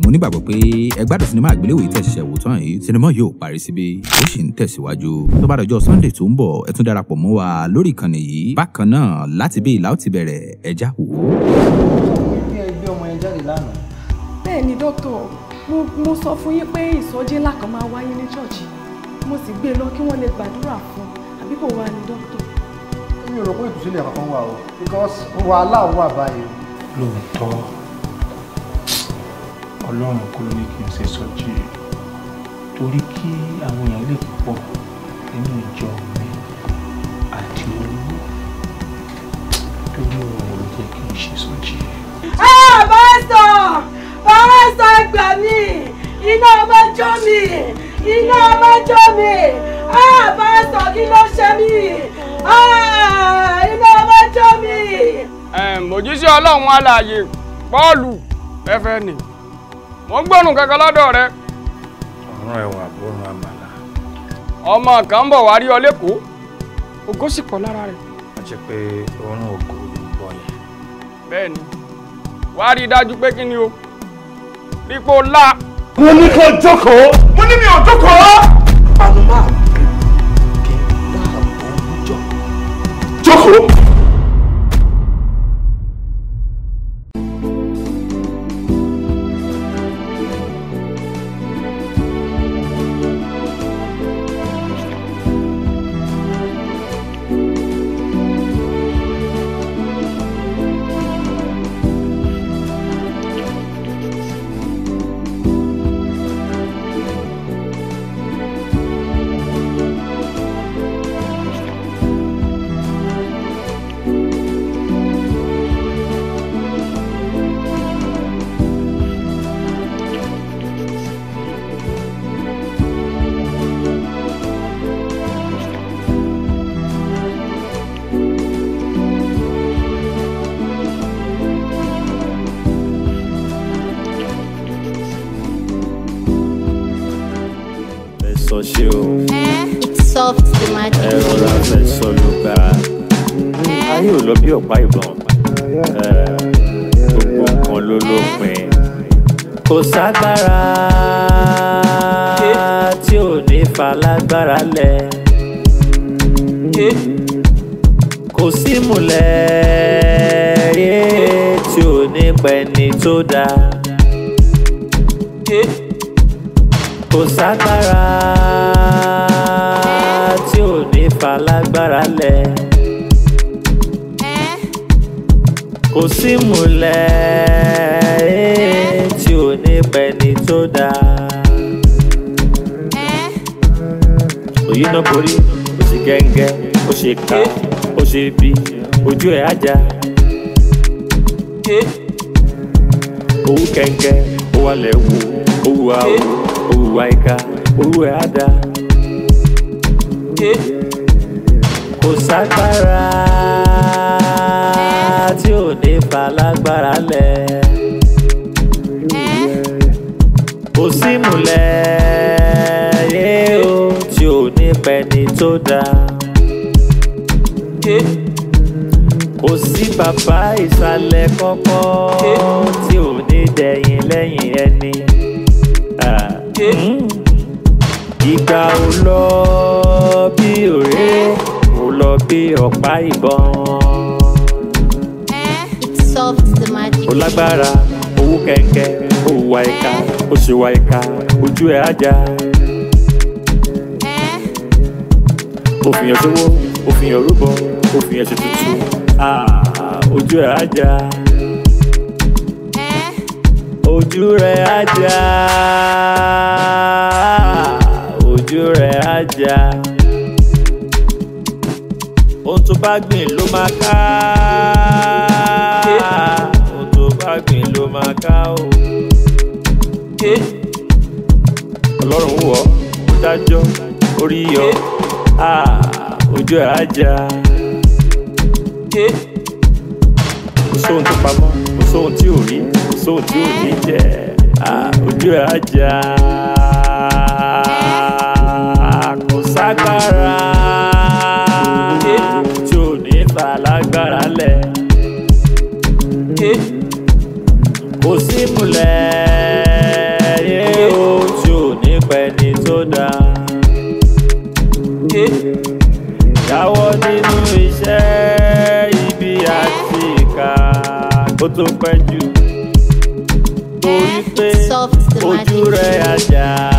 mo nígbàgbọ́ pé ẹ gbádùn sinimá àgbéléwò yìí tẹ̀síṣẹ́ wò tán yìí sinimá yóò parí síbí ó sì ń tẹ̀síwájú tó bá dọjọ́ sunday tó ń bọ̀ ẹ tún darapọ̀ mọ́ wa lórí ìkànnì yìí bákan náà láti bí ìlà ó ti bẹ̀rẹ̀ ẹja wò ó. ẹgbẹ́ ẹgbẹ́ ọmọ ẹ jáde lánàá. bẹ́ẹ̀ ni dókítà mo sọ fún yín pé ìsọjí ńlá kan máa wáyé ní ṣọ́ọ̀ṣì mo sì gbé e lọ kí wọ́n lè gbàdúrà fún un àbí kò wá ní dókítà. mi ò rò ìtúsílẹ̀ kankan wà o because wàhálà wà báyìí. lóòótọ́ ọlọ́run kọ́ ló ní kí n ṣe sọ́jírì torí kí àwọn èèyàn lè pọ̀ nínú ìjọ mi àti olówó torí ọ̀rọ̀ ló jẹ́ kí n ṣe sọ́jírì. ẹ pásítọ̀ pásítọ̀ ẹ gbà mí iná ọmọ jó mi iná ọmọ jó mi ẹ pásítọ̀ kí ló ṣe mí iná ọmọ jó mi. òjíṣẹ́ ọlọ́run alààyè Pọ́ọ̀lù fẹ́fẹ́ nìyí mo ń gbọ́nù kankan lọ́dọ̀ rẹ. ọ̀run ẹ̀wà bọ́run àmàlà. ọmọ kan ń bọ̀ wá rí ọ lẹ́kọ̀ọ́ ògo sì pọ̀ lára rẹ̀. a jẹ pé òórùn ògo ló ń bọ̀ yẹn. bẹ́ẹ̀ni wá rí i dájú pé kí ni o rí pé o lá. mo ní kó jókòó. mo ní mi ò jókòó. àlùmáà kì í dáàbò jọ. jókòó. bailão. lẹ̀ tí ò ní pẹ́ni tó dáa. òyìn náà borí ó sì gẹ́ngẹ́ ó ṣe ká ó ṣe bí ojú ẹ̀ ajá. owó kẹ̀ǹkẹ́ ó wà lẹ́wọ̀ owó àwọ̀ owó àìká owó ẹ̀ àdá. kò ságbára falágbára lẹ̀. kò sí múlẹ̀ yé o tí ò ní pẹni tó dáa. kò sí bàbá ìsàlẹ̀ kọ́kọ́ tí ò ní dẹ̀yìn lẹ́yìn ẹni. ìgbà ò lọ bí òré ò lọ bí ọ̀pá ìbọn ó lágbára owó kẹ̀kẹ́ ó wà ìka ó sì wà ìka ojú ẹ̀ ajá. òfìyàn sówó òfìyàn rúbọ òfìyàn ṣètùtù ojú ẹ̀ ajá. ojú rẹ̀ ajá ojú rẹ̀ ajá ohun tó bá gbìn ló máa ká máa ká o. ọlọ́run wò ọ́ ó dájọ́ orí yọ ojú ẹ̀ á já. kò sóhun tó pamọ́ kò sóhun tí ò rí kò sóhun tí ò ní jẹ ojú ẹ̀ á já. kò sákàrà. tó pẹ́ jù. torí eh, pé ojú rẹ̀ ajá.